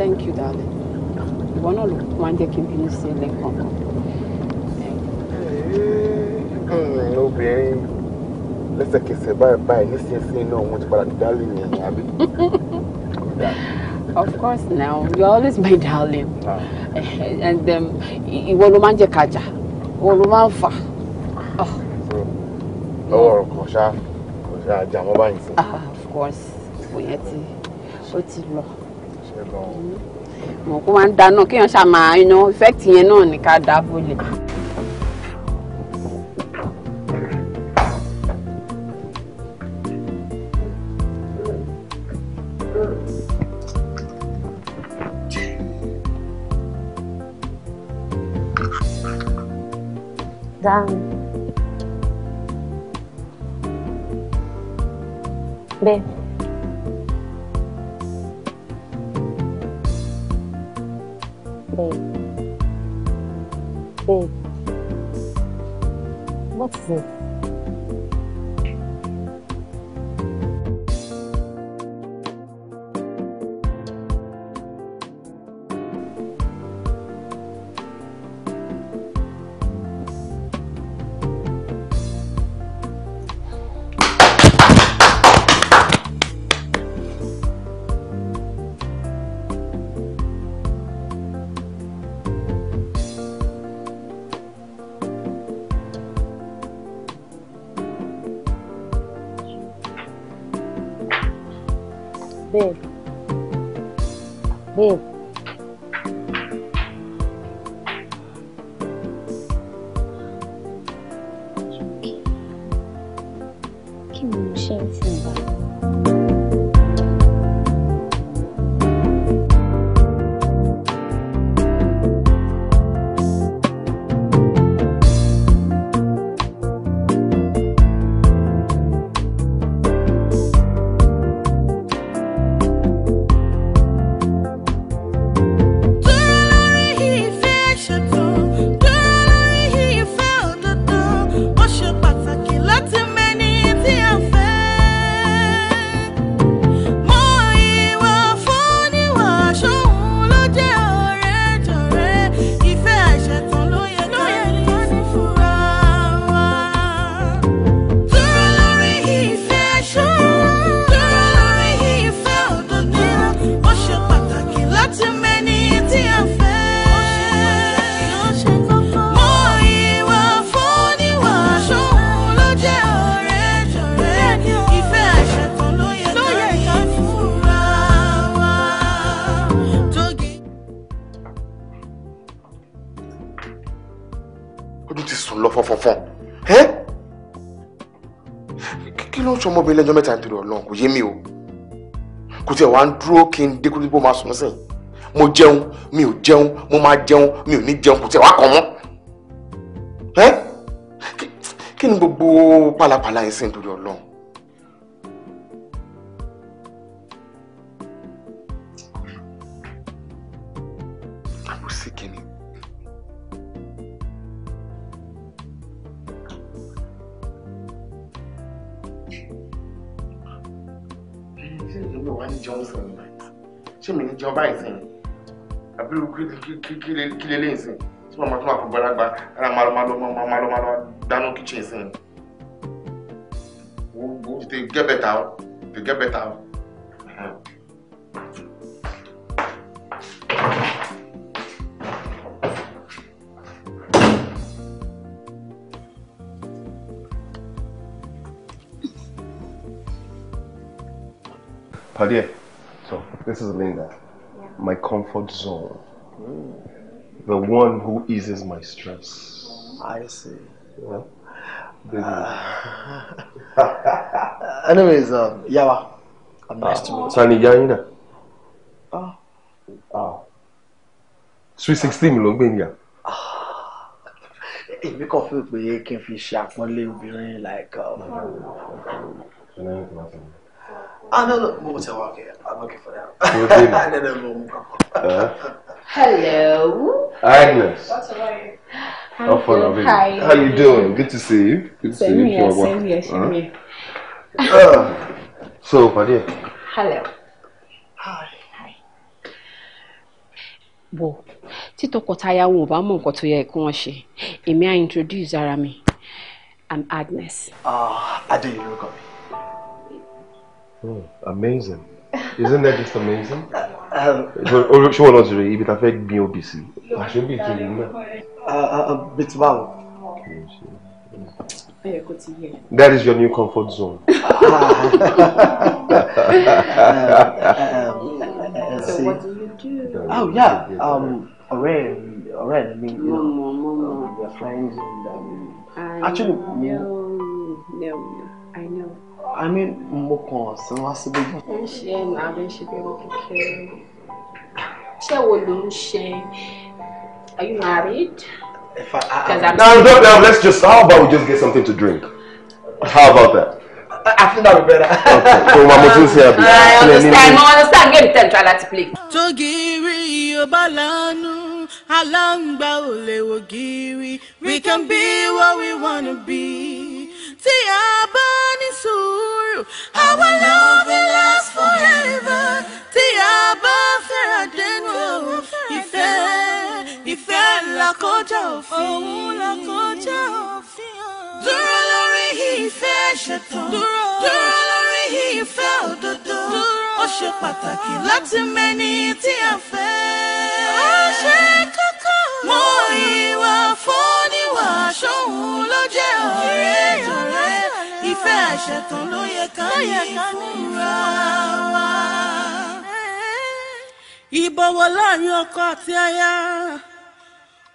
thank you darling ìwọ náà ló máa ń jẹ́ kí n bínú sí ilé kankan. Hmm, obìnrin lẹ́sẹ̀kẹsẹ̀ báyìí báyìí nísinsìnyí náà wọ́n ti padà di darling yẹn àbí. of course now you are always my darling ah. and um, ìwọ ló máa ń jẹ́ kájà ìwọ ló máa ń fà. lọ́wọ́ ọ̀rọ̀ kan ṣáá kò ṣáá jà mọ́ báyìí sí. Ah, of course yẹn ti ó ti lọ mọ̀ kó máa ń dáná kéèyàn ṣáà máa yan effect yẹn náà ní ká dá bólè. Darling. lẹ́jọ́ mẹ́ta nítorí Ọlọ́run kò yé mi o kò tiẹ̀ wá ń dúró kí n dé kó tó bó máa sùn sìn mo jẹun mi ò jẹun mo máa jẹun mi ò ní jẹun kò tiẹ̀ wá kàn mọ́ ẹ́ kí ni gbogbo pálapàla yẹn sìn nítorí Ọlọ́run ìjọba ìsìn àbúrò kí lélẹ́yìn tí wọ́n máa tún àpò gbadagba ara máa lọ máa lọ máa lọ máa lọ dáná kitchen sìn wo they get better they get better. Padre, So, this is Linda. my comfort zone. Mm. The one who eases my stress. I see. Yeah. Uh, anyways, um, Yawa, I'm nice ah, to meet you. Sani Yaina. Ah. Ah. Sweet 16 ló ń gbé ní à. Ah. Èmi kàn fún pé kí n fi ṣe àpọ́nlé obìnrin like. Um, I ah, know that more to argue. I'm looking for that. I know that more. Uh, Hello. Agnes. What's away? How Hi. How you doing? Good to see you. Good to same see you. Here, same here, same here. Uh, so, my dear. Hello. Hi. Hi. Wo, tí tọkọtaya wọn ò bá mọ nǹkan tó yẹ kí wọ́n ṣe, introduce ara mi. I'm Agnes. Ah, uh, Adé yìí lórúkọ mi. Oh, amazing. Isn't that just amazing? ṣé wọn náà ti rí ibi tá a fẹ́ gbin Should be àṣebí ìtúlù náà. bit báwo. That is your new comfort zone. so what do you do? Oh yeah, um, ọ̀rẹ́ ọ̀rẹ́ mi, you know, um, we are friends and um, actually, no, no, I know. I mean mo kàn ọ̀sán wá síbí. ó ń ṣe ẹnu àbẹ ṣe bẹ̀rù kékeré ṣé wo ló ń ṣe are you married. If I, I, I, no, no, no, let's just, how about we just get something to drink? How about that? I think that be better. okay. So Mama tún ṣe àbí. I understand. I understand Get ten try láti play. we can be what we wanna be tí a bá ní our love will last forever tí a bá fẹ́ra ife ìfẹ́ ìfẹ́ làkọjá òfin òun làkọjá òfin dúró lórí ìfẹ́ ṣetán dúró lórí ìfẹ́ òdodo ó ṣe pàtàkì láti mẹ́ni tí a fẹ́ ó ṣe kókó mọ wà sóhun ló ọ̀rẹ́ ìfẹ́ àṣetán ló yẹ ká ní fúnra wa. ìbọ̀wọ̀ láàrin ọkọ àti aya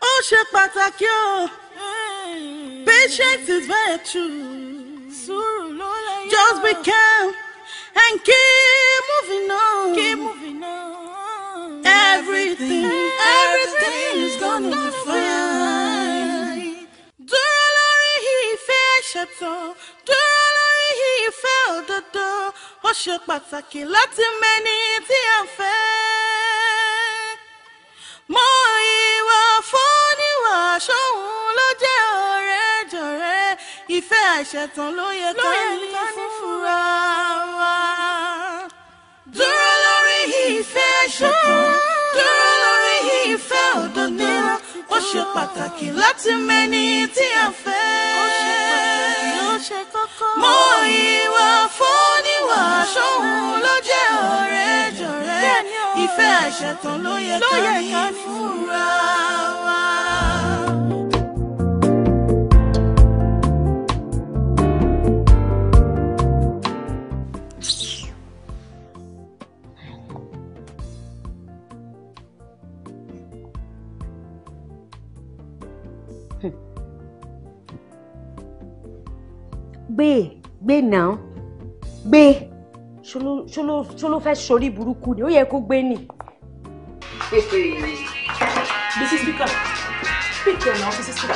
ó ṣe pàtàkì o patience is virtue just be calm and keep moving on. Keep moving on. Everything, everything, everything is gonna be fine. ṣètò dúró lórí ìfẹ́ òdodo ó ṣe pàtàkì láti mẹni tí a fẹ́. mọ ìwà fún ìwà sóhun ló jẹ́ ọ̀rẹ́ jọ̀rẹ́ ìfẹ́ àìṣẹ̀tàn ló yẹ ká ní fúnra wa. dúró lórí ìfẹ́ ṣètò dúró lórí ìfẹ́ òdodo ṣe pàtàkì láti mẹ́ni tí a fẹ́. Ó ṣe pàtàkì ó ṣe kókó. Mọ ìwà fọ́níwà ṣóhun ló jẹ́ ọ̀rẹ́ jọ̀rẹ́. Ìfẹ́ àìṣẹ̀tàn ló yẹ ká ní fúnra. gbé gbé náà gbé ṣó ló fẹ́ sórí burúkú ni ó yẹ kó gbé nì. Mrs. Speaker, speak your now, Mrs. Speaker.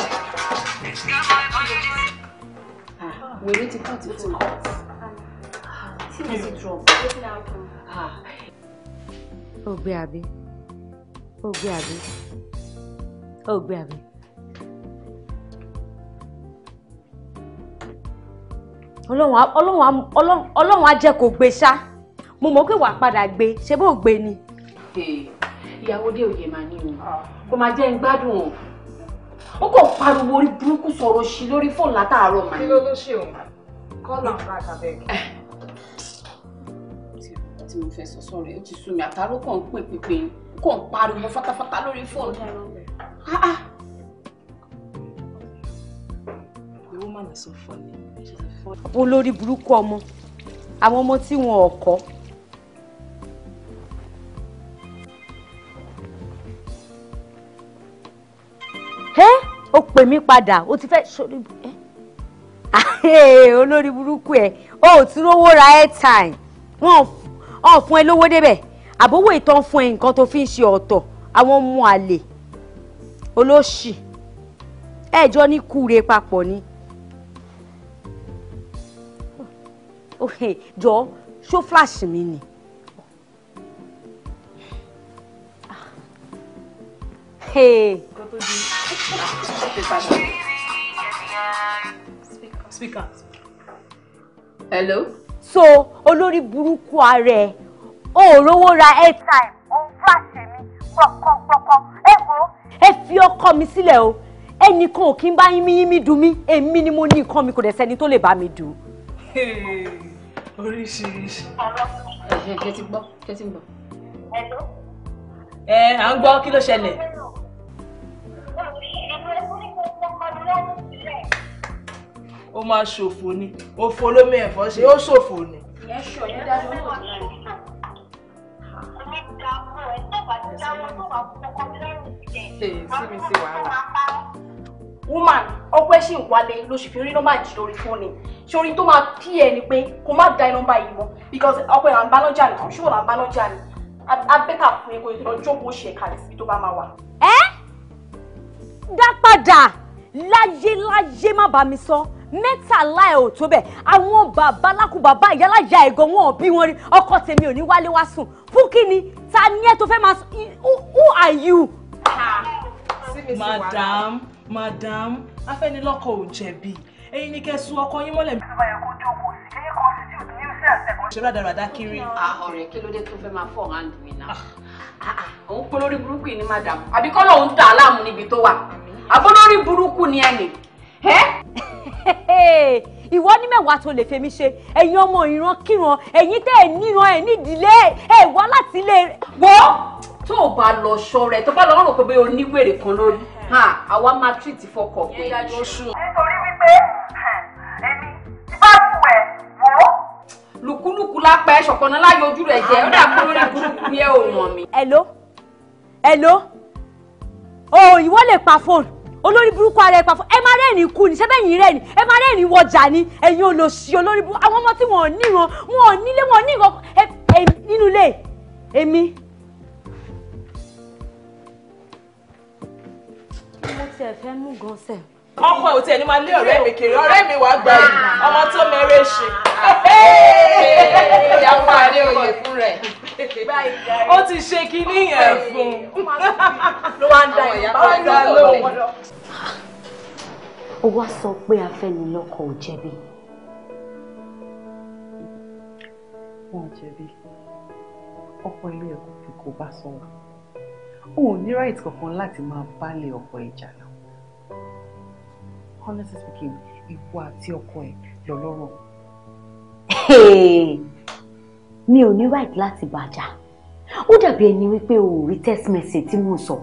Ah, we're waiting for you to come. See Mrs. Trump. Ah. Oh baby. Oh baby. Oh baby. ọlọ́run á jẹ́ kó gbé ṣá mo mọ̀ pé wàá padà gbé ṣé bó gbé ni. ìyàwó dé òye màá ní o ah. kò máa jẹ́ ń gbádùn o ó kò pariwo orí burúkú sọ̀rọ̀ sí lórí fóònù látàárọ̀ màá ní. kí ló ló ṣe òun kọ́lá frank abeg. tí mo fẹ́ sọ sọ̀rọ̀ ó ti sú mi àtàrò kàn ń pè pípé kò ń pariwo fátáfátá lórí fóònù. woman is so funny. olórí burúkú ọmọ àwọn ọmọ tí wọn ò kọ́. ẹ o pè mí padà o ti fẹ́ sori ẹ olórí burúkú ẹ o ò tún rówó ra airtime wọn ò fún ẹ lówó débẹ̀ àbówó ìtàn fún ẹ nǹkan tó fi ń ṣe ọ̀tọ̀ àwọn ọmọ àlè olóṣì ẹ̀jọ́ ní kúure papọ̀ ni. jọ ṣó flash mi ni. speaker. hello. so olórí burúkú ara o ò rówó ra airtime òun flash mi pọ̀pọ̀pọ̀pọ̀ ẹ wo ẹ fi ọkọ mi sílẹ̀ o ẹnìkan ò kí n bá yín mímí dùn mí èmi ni mo ní nǹkan mi kò dẹ̀ sẹ́ni tó lè bá mi dùn. oríṣiríṣi. ẹ ṣe ti gbọ́ ṣe ti gbọ́. ẹ à ń gbọ́ kí ló ṣẹlẹ̀. ó máa ṣòfò ni òfò lómi ẹ̀fọ́ ṣe ó ṣòfò ni. ìyẹn ṣọ ní dájú ó wà láàyè. ẹ tó mi sí wàhálà woman ọkọ ẹ ṣì ń wálé lóṣù fi rí nọ́mbà jì lórí fóònù ṣorí tó máa pí ẹ ni pé kó má da nọ́mbà yìí mọ́ because ọkọ ẹ là ń bá lọ́jà nìkan ṣùgbọ́n là ń bá lọ́jà ni abẹ́ta fún eko ìtọ́jú jókòó ṣe kalẹ̀ síbi tó bá máa wà. ẹ dá padà láyé láyé má bá mi sọ mẹ́tàlá ẹ̀ ò tó bẹ̀ àwọn bàbá lákùbàbá ìyálàjà ẹ̀gọ́ wọn ò bí wọn rí ọkọ tèmi ò ní wálé wá sùn fún kí ni ta ni ẹ tó fẹ́ máa sùn who are you. madam madam afẹnilọ́kọ ò jẹ̀bi ẹ̀yin ni kẹ́ su ọkọ yín mọ́lẹ̀. bí ó bá yẹ kó jókòó sí kẹ́yìn kan sí tí ò ní ṣe àtẹ̀kọ́. ṣe rádaràda kiri. Ah, ọ̀rẹ́ kí ló dé tó fẹ́ máa fọ̀ hand mi náà ah. Ah, òun pé lórí burúkú yìí ni madam àbí kọ́ lóun dà á láàmú níbi tó wà àbó lórí burúkú ni ẹnì. ìwọ ní mẹ́wàá tó lè fẹ́mi ṣe ẹ̀yin ọmọ ìran kíran ẹ̀yin tẹ́ ẹ̀ níran ẹ̀ nídìílé ẹ̀ wá láti ilé wọ́ tó o bá lọ ṣọ́ rẹ̀ tó bá lọ rò pé bóyá oníwèrè kan lórí àwa máa treat fọkọ̀ pé lóṣù. nítorí wípé èmi ti bá fún ẹ wò ó. lùkúlùkù lápá ẹ ṣọ̀kànnà láyé ojú rẹ̀ jẹ́ ó dàbí lórí burúkú yẹ ò mọ̀ mi. hello hello o ìwọ lè pa fóònù olórí burúkú ara ẹ pa fún ẹ máa rẹ́ẹ̀nì kú ni sẹ́bẹ̀yìn rẹ́ẹ̀nì ẹ máa rẹ́ẹ̀nì wọjà ni ẹ̀yin olóṣì olórí burúkú àwọn ọmọ tí wọn ò níran wọn ò nílé wọn ò ní nǹkan nínú ilé èmi mo tiẹ̀ fẹ́ mú gan sẹ̀. ọkọ ò tiẹ̀ ní máa lé ọ̀rẹ́ mi kiri ọ̀rẹ́ mi wàá gba ọmọ tó mẹ́rẹ́ ṣe. ìyàwó àlẹ́ òye fún rẹ̀. ó ti ṣe kinní yẹn fún un. ló wá ń da ìyàwó ìgbà lóhùn. ó wá sọ pé afẹ́nilọ́kọ̀ ò jẹ̀bi. wọn ò ọkọ ilé ẹ̀kọ́ fi kò bá sọ̀rọ̀ o ò ní right kankan láti máa bálé ọkọ ẹ jà náà honestly speaking ìwọ àti ọkọ ẹ lọ́lọ́rọ̀. mi ò ní right láti bàjá ó dàbí ẹni wípé o ò rí text message tí mo sọ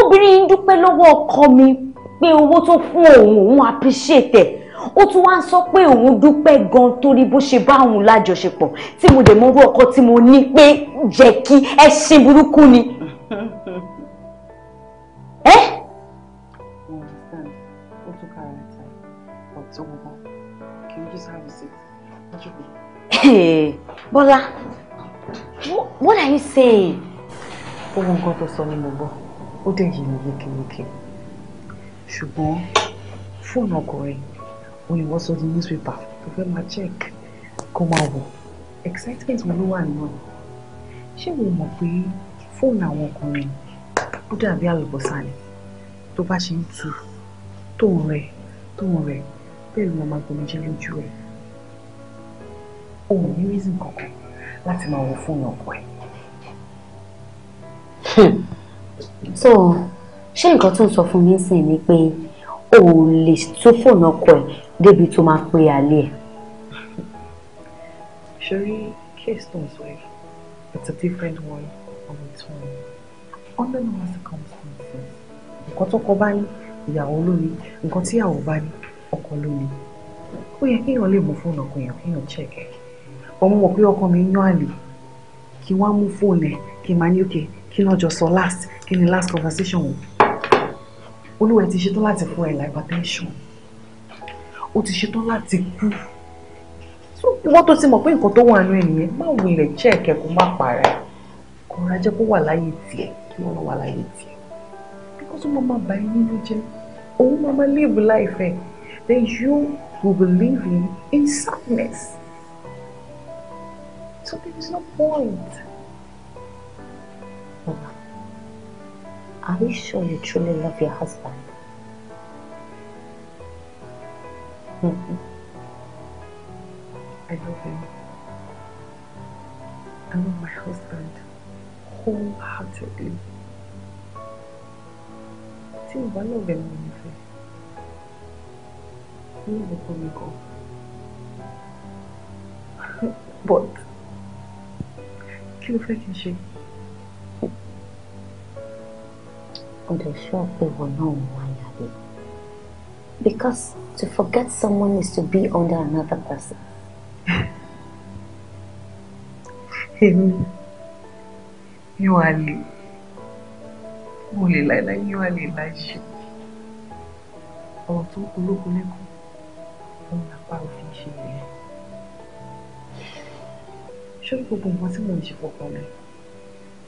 obìnrin yìí dúpẹ́ lọ́wọ́ ọkọ mi pé owó tó fún òun òun appreciate ẹ̀ ó tún wá ń sọ pé òun dúpẹ́ gan torí bó ṣe bá òun lájọṣepọ̀ tí mo dẹ̀ mọ orú ọkọ tí mo ní pé jẹ́ kí ẹṣin burúkú ni Hey, Bola, what, are you saying? Ohun kan tó sọ ni mo gbọ́, ó dẹ̀ yìí mi yékéyéké. Ṣùgbọ́n fóònù ọkùnrin òyìnbó sọ di newspaper tó fẹ́ máa check kó máa Excitement wo ló wà nínú ẹ̀? Ṣé wo mọ̀ pé fóònù àwọn ọkùnrin ó dàbí àlùbọ́sà ni? Tó bá ṣe ń tu, tó ń rẹ̀, bẹ́ẹ̀ ló máa gbomi jẹ́ lójú ẹ̀ o ò ní reason kankan láti máa wo fóònù ọkọ ẹ̀. Hmm. so ṣé nǹkan tó ń sọ fún mi sìn ni pé o lè tún fóònù ọkọ ẹ̀ débi tó máa pe àlè ẹ̀. ṣorí case tó ń sọ yìí it's a different one on its own under normal circumstances nǹkan tó kọ bá ní ìyàwó lórí nǹkan tí ìyàwó bá ní ọkọ ló ní ó yẹ kéèyàn lè mú fóònù ọkọ èèyàn kéèyàn chẹ́kẹ̀ ọmọ mọ̀ pé ọkọ mi yan àlè kí wọ́n á mú fóònù ẹ̀ kí n máa ní òkè kí n náà jọ sọ last kí ni last conversation wọn olúwa ti ṣetán láti fún ẹ̀ hypertension ó ti ṣetán láti kú wọ́n tó ti mọ̀ pé nǹkan tó wà nínú ẹ̀ nìyẹn má wulẹ̀ chẹ́kẹ̀ kó má parẹ́ kó rajẹ́ kó wà láyé tiẹ̀ kí wọ́n wà láyé tiẹ̀ bí wọ́n tún máa bá ẹ nínú jẹ́ òun máa máa live life ẹ̀. then you will be living in sadness. So there is no point. Mama, are you sure you truly love your husband? I love him. I love my husband wholeheartedly. Do you love him? ní ọkọ mi kan but kí ló fẹ́ kí n ṣe. ó because to forget someone is to be under another person. èmi yóò wá lè mo lè you are wá lè láì ṣe bá òfin ṣe nìyẹn sórí gbogbo nǹkan tí mò ń ṣe fọkàn rẹ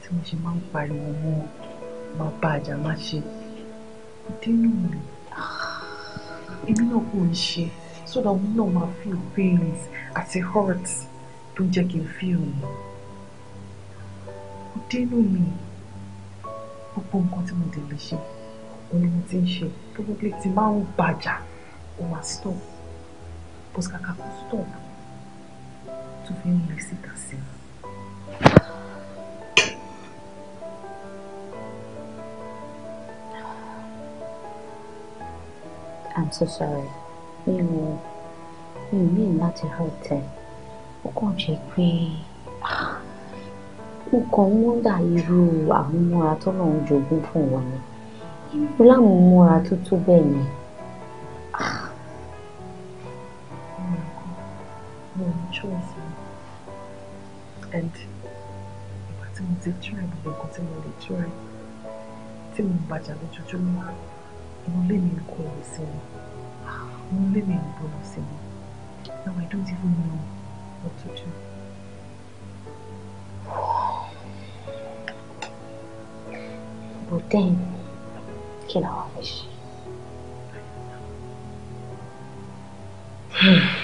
tí mo ṣe máa ń pariwo mọ́ máa bá àjà má ṣe dínú mi èmi náà kò ń ṣe so that we náà máa feel pains àti hurt tó ń jẹ́ kí n feel mi kò dínú mi gbogbo nǹkan tí mo dẹ̀ lè ṣe òun ni mo ti ń ṣe tó gbogbo tí máa ń bàjà ó máa stop bọ́sì kàkà kó stop tó fi ń lè síta sí I'm so sorry. Mi ò mi ò ní láti hurt ẹ. me. kàn jẹ́ wonder you kàn more at irú àmúmọ́ra your jogún fún You're ni. Irú lámúmọ́ra tó tó bẹ́ẹ̀ ni. insurance and ìgbà tí mo ti try gbogbo nǹkan tí mo lè try tí mo bàjá lójoojúmọ́ inú ilé mi ń kó ọ̀rọ̀ sí mi inú ilé mi ń sí mi now I don't even know what to do. But then, kí I àwọn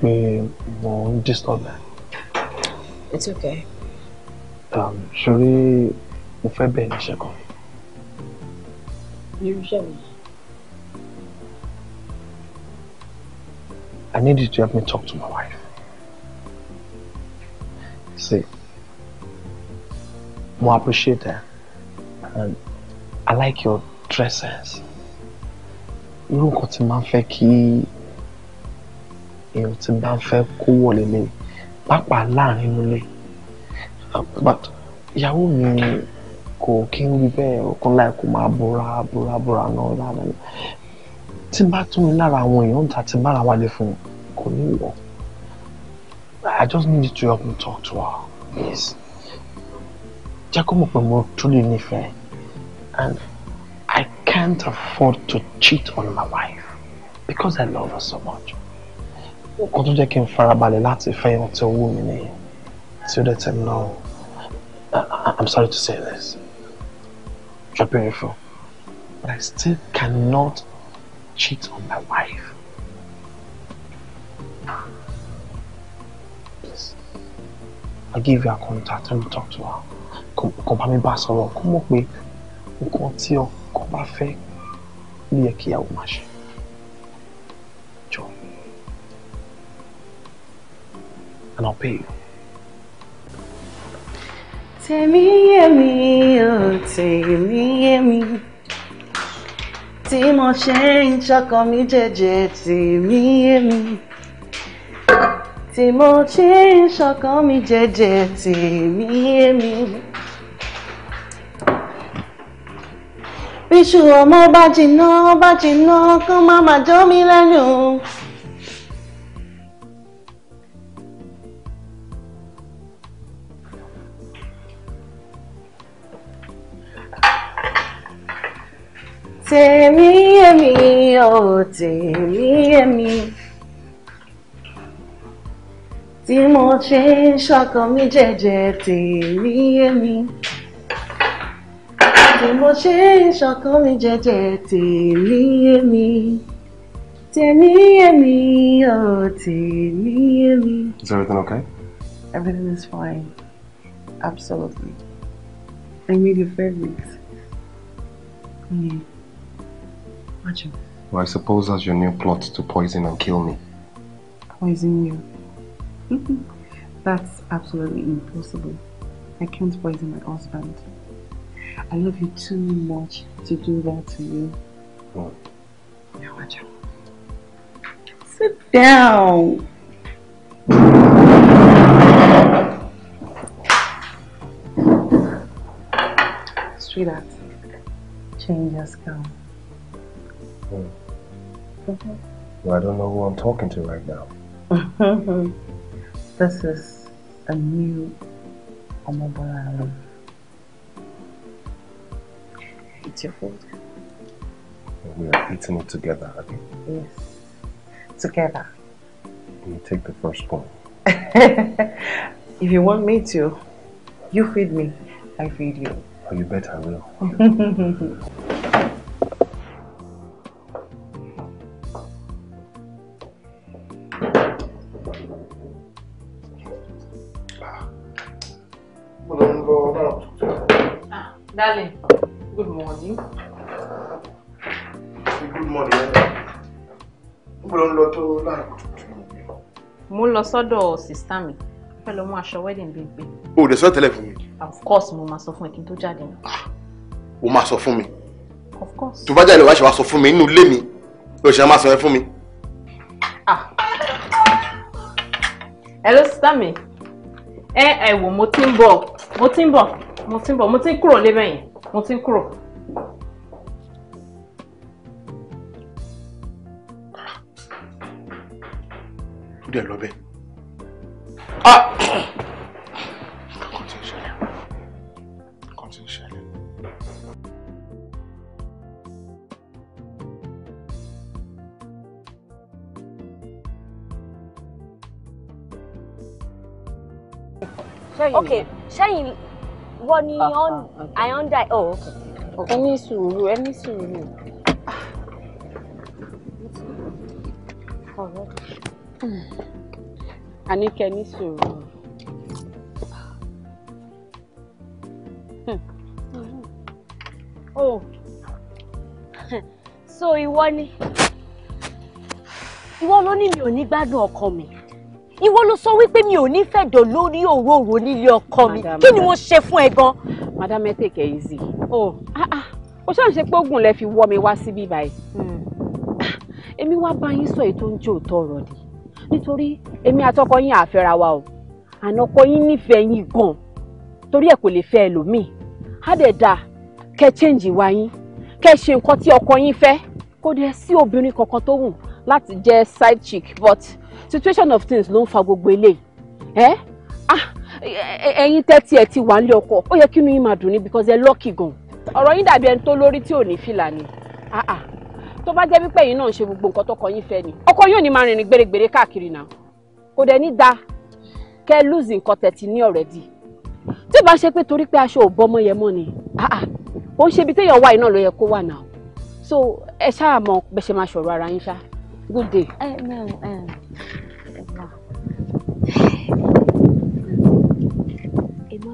pé mo ń disturb ẹ. it's okay. Um, ṣorí mo fẹ́ bẹ̀rẹ̀ níṣẹ́ kan. irú iṣẹ́ mi. I need you to help me talk to my wife. See, more appreciate her. And I like your dress sense. Irú nǹkan tí máa ń fẹ́ kí èèyàn tí bá fẹ́ kó wọlé lé pàápàá láàrin nílé ìyàwó mi kò kí ń rí bẹ́ẹ̀ ọkàn láì kó máa bora bora bora náà láàrin tí bá tún mi lára àwọn èèyàn ta ti bára wálé fún kò ní wọ I just need to help me talk to her yes jẹ́ kó mọ̀ pé mo truly nífẹ̀ẹ́ and I can't afford to cheat on my wife because I love her so much nǹkan tó jẹ́ kí n farabalẹ̀ láti fẹ́ ohun tí owó mi nìyí tí ó dẹ̀ tẹ̀ mí náà I'm sorry to say this you're beautiful but I still cannot cheat on my wife. Please, I'll give you her contact and talk to her. Kò bá mi bá sọ̀rọ̀ kó mọ̀ pé nǹkan tí ọkọ bá fẹ́ ló yẹ kí ìyàwó máa ṣe. and I'll pay you. Tèmi yé mi, oh tèmi me, mi. Tí mo ṣe ń me, mi jẹ́jẹ́, me, yé take Tí mo ṣe ń ṣọkàn mi jẹ́jẹ́, tèmi yé mi. Bíṣù ọmọ bá jìnnà bá jìnnà kó má má jọ mí lẹ́nu. Temi, èmi oh, Temi, èmi tí mo ṣe ń ṣọkàn mi jeje, Temi, èmi tí mo ṣe ń mi jẹ́jẹ́ tèmi èmi tèmi èmi ò tèmi èmi. Is everything okay? Everything is fine. Absolutely. I made you favorite. Mm. Imagine. Well, I suppose that's your new plot to poison and kill me. Poison you? that's absolutely impossible. I can't poison my husband. I love you too much to do that to you. What? Now, watch out. Sit down. Sweetheart, change has come. Mm-hmm. Well, I don't know who I'm talking to right now. this is a new Omobola. It's your food. we are eating it together, Abby. Yes, together. You take the first one. if you want me to, you feed me, I feed you. Oh, you bet I will. sọ́dọ̀ sista mi fẹ́ lọ mú aṣọ wedding bíi gbé. o ò dẹ̀ sọ tẹ́lẹ̀ fún mi. of course mo máa sọ fún ẹ kí n tó jáde. Ah, o máa sọ fún mi. of course. tó bá jáde wá ṣe wá sọ fún mi nínú ilé mi lọ ṣe máa sọ ẹ fún mi. Ah. hello sista mi ẹ ẹ wò mo ti ń bọ̀ mo ti ń bọ̀ mo ti ń bọ̀ mo ti ń kúrò lébẹ̀ yẹn mo ti ń kúrò. ó lọ bẹ́ẹ̀. Ah! okay sẹ́yìn wọ́n ní àyàndà ah, ah, ọ̀ oh, ẹ ní sùúrù ẹ ní sùúrù. ọ̀rọ̀. Hmm a ní kẹ́ hmm. oh so ìwọ ni ìwọ ló ní mi ò ní gbádùn ọkọ mi ìwọ ló sọ wípé mi ò ní fẹ̀dọ̀ lórí òróró nílé ọkọ mi kí ni mo ṣe fún ẹ gan. madam ẹ tèkẹ́ easy. sí oh ah ah ó ṣáà ṣe pé oògùn lẹ fi wọ́ mi wá síbí báyìí hmm. ah. èmi wá bá yín sọ èyí tó òótọ́ ọ̀rọ̀ ni nítorí èmi àtọkọ yín àfẹ́ra wa o àná ọkọ yín nífẹ̀ẹ́ yín gan torí ẹ̀ kò lè fẹ́ ẹlòmíì á dẹ̀ dà kẹ́ chẹ́ǹjì wa yín kẹ́ ṣe nǹkan tí ọkọ yín fẹ́ kó dẹ̀ sí obìnrin kankan tó wù láti jẹ́ side chick but situation of things ló ń fa gbogbo eléyìí ẹ́ ah ẹ̀yin tẹ́tí ẹ̀ ti wà nílé ọkọ ó yẹ kí inú yín máa dùn ní because ẹ lọ́ọ̀kì gan ọ̀rọ̀ yín dàbí ẹni tó lórí tí ò ní fìlà ni ah ah tó bá jẹ́ wípé ẹ̀yin náà ń ṣe gbogbo nǹkan tọkọ yín fẹ́ ni ọkọ yóò ní máa rìnrìn gbèrègbèrè káàkiri náà kò dẹ̀ ní da kẹ́ ẹ lùzì nǹkan tẹ̀tì ní already tí bá ṣe pé torí pé aṣọ ò bọ́mọ yẹn mọ́ ni ah, ah, ó ń ṣe ibi téèyàn wà yìí náà ló yẹ kó wà náà so ẹ ṣáà mọ bẹ ṣe máa ṣọ̀rọ̀ ara yín ṣá good day. ẹ ẹ má bínú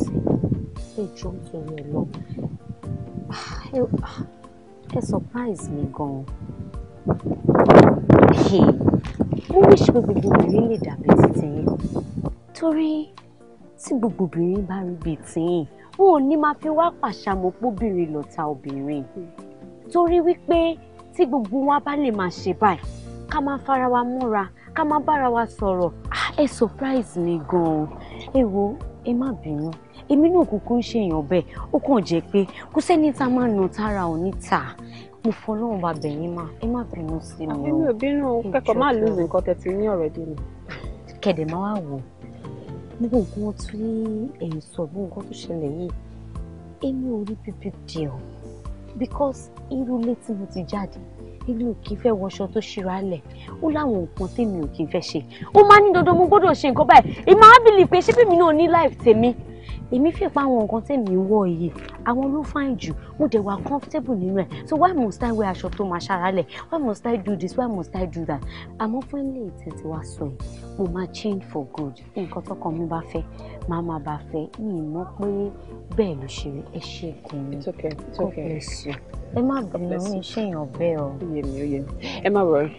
sí ẹ jọ ń sọ̀rọ̀ ẹ lọ. Ah, ẹ surprise me, gan-an ó wíṣ pé gbogbo obìnrin lè dàbí títí yín torí tí gbogbo obìnrin bá rí bíi tìyìn wọn ò ní máa fi wá pàṣàmọ́ póbìnrin bubu obìnrin torí wípé tí gbogbo wa bá lè máa ṣe báyìí ká máa fara wa múra ká ah, surprise me, gan-an ẹ wo ẹ má bínú èmi náà kúkú ń ṣèyàn bẹ́ẹ̀ ó kàn jẹ́ pé kò sẹ́ni tá a máa nà tára ò ní tà mo fọlọ́run bá bẹ̀yìn máa ẹ má bínú sí mi o. àbínú ìbínú kẹ́kọ̀ọ́ máa lose nǹkan tẹ̀tí ní ọ̀rẹ́ dé ni. kẹ̀dẹ̀ máa wá wò ó gbogbo nǹkan tí ẹ̀yìn sọ bí nǹkan tó ṣẹlẹ̀ yìí èmi ò rí pípí deal because irú létí mo ti jáde ilé ò kí fẹ́ wọṣọ tó ṣíra lẹ̀ ó láwọn nǹkan tèmi ò kí fẹ́ ṣe ó máa ní dandan mo gbọ́dọ̀ ṣe nǹkan báyìí ìmọ̀ ábìlì pé ṣé bí mi náà ní life tèmi èmi fi pa àwọn nǹkan tèmi wọ̀ yìí àwọn ló fàìn jù mo dẹ̀ wà comfortable nínú ẹ̀ so why must I wear aṣọ tó máa ṣaralẹ̀ why must I do this why must I do that àmọ́ fún ilé ìtẹ̀tẹ̀ wa sọ yìí mo máa change for good nǹkan tọkàn mi bá fẹ́ máa máa bá fẹ́ mi ì mọ̀ pé bẹ́ẹ̀ ló ṣe ẹ ṣe gan-an it's okay it's okay God bless you ẹ má bínú mi ṣèyàn bẹ́ẹ̀ o. ó yẹ mi ó yẹ mi ẹ má rọrùn.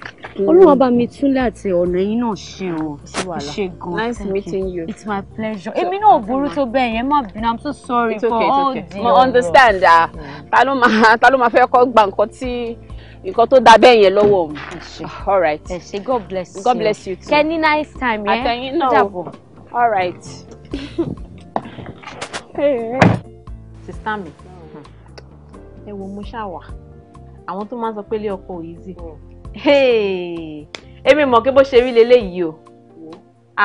olúwa bá mi túnlẹ̀ àti ọ̀nà yín náà ṣe o ṣe gan nice meeting you. it's my pleasure èmi náà ò burú tó bẹ́ẹ̀ yẹn má bínú i'm so sorry it's okay, for all the. mo understand ah. Uh, ta ló máa ta ló máa fẹ́ kọ́ gba nǹkan tí nǹkan tó da bẹ́ẹ̀ yẹn lọ́wọ́ mi. all right. god bless you god bless you too. kẹ́ni nice time yẹn. àtẹ̀yìn náà all right. sista mi hmm. ẹ wo mo ṣàwà àwọn tó máa ń sọ pé ilé ọkọ ò easy hmm. èmi mọ̀ kí bó ṣe rí leléyìí o.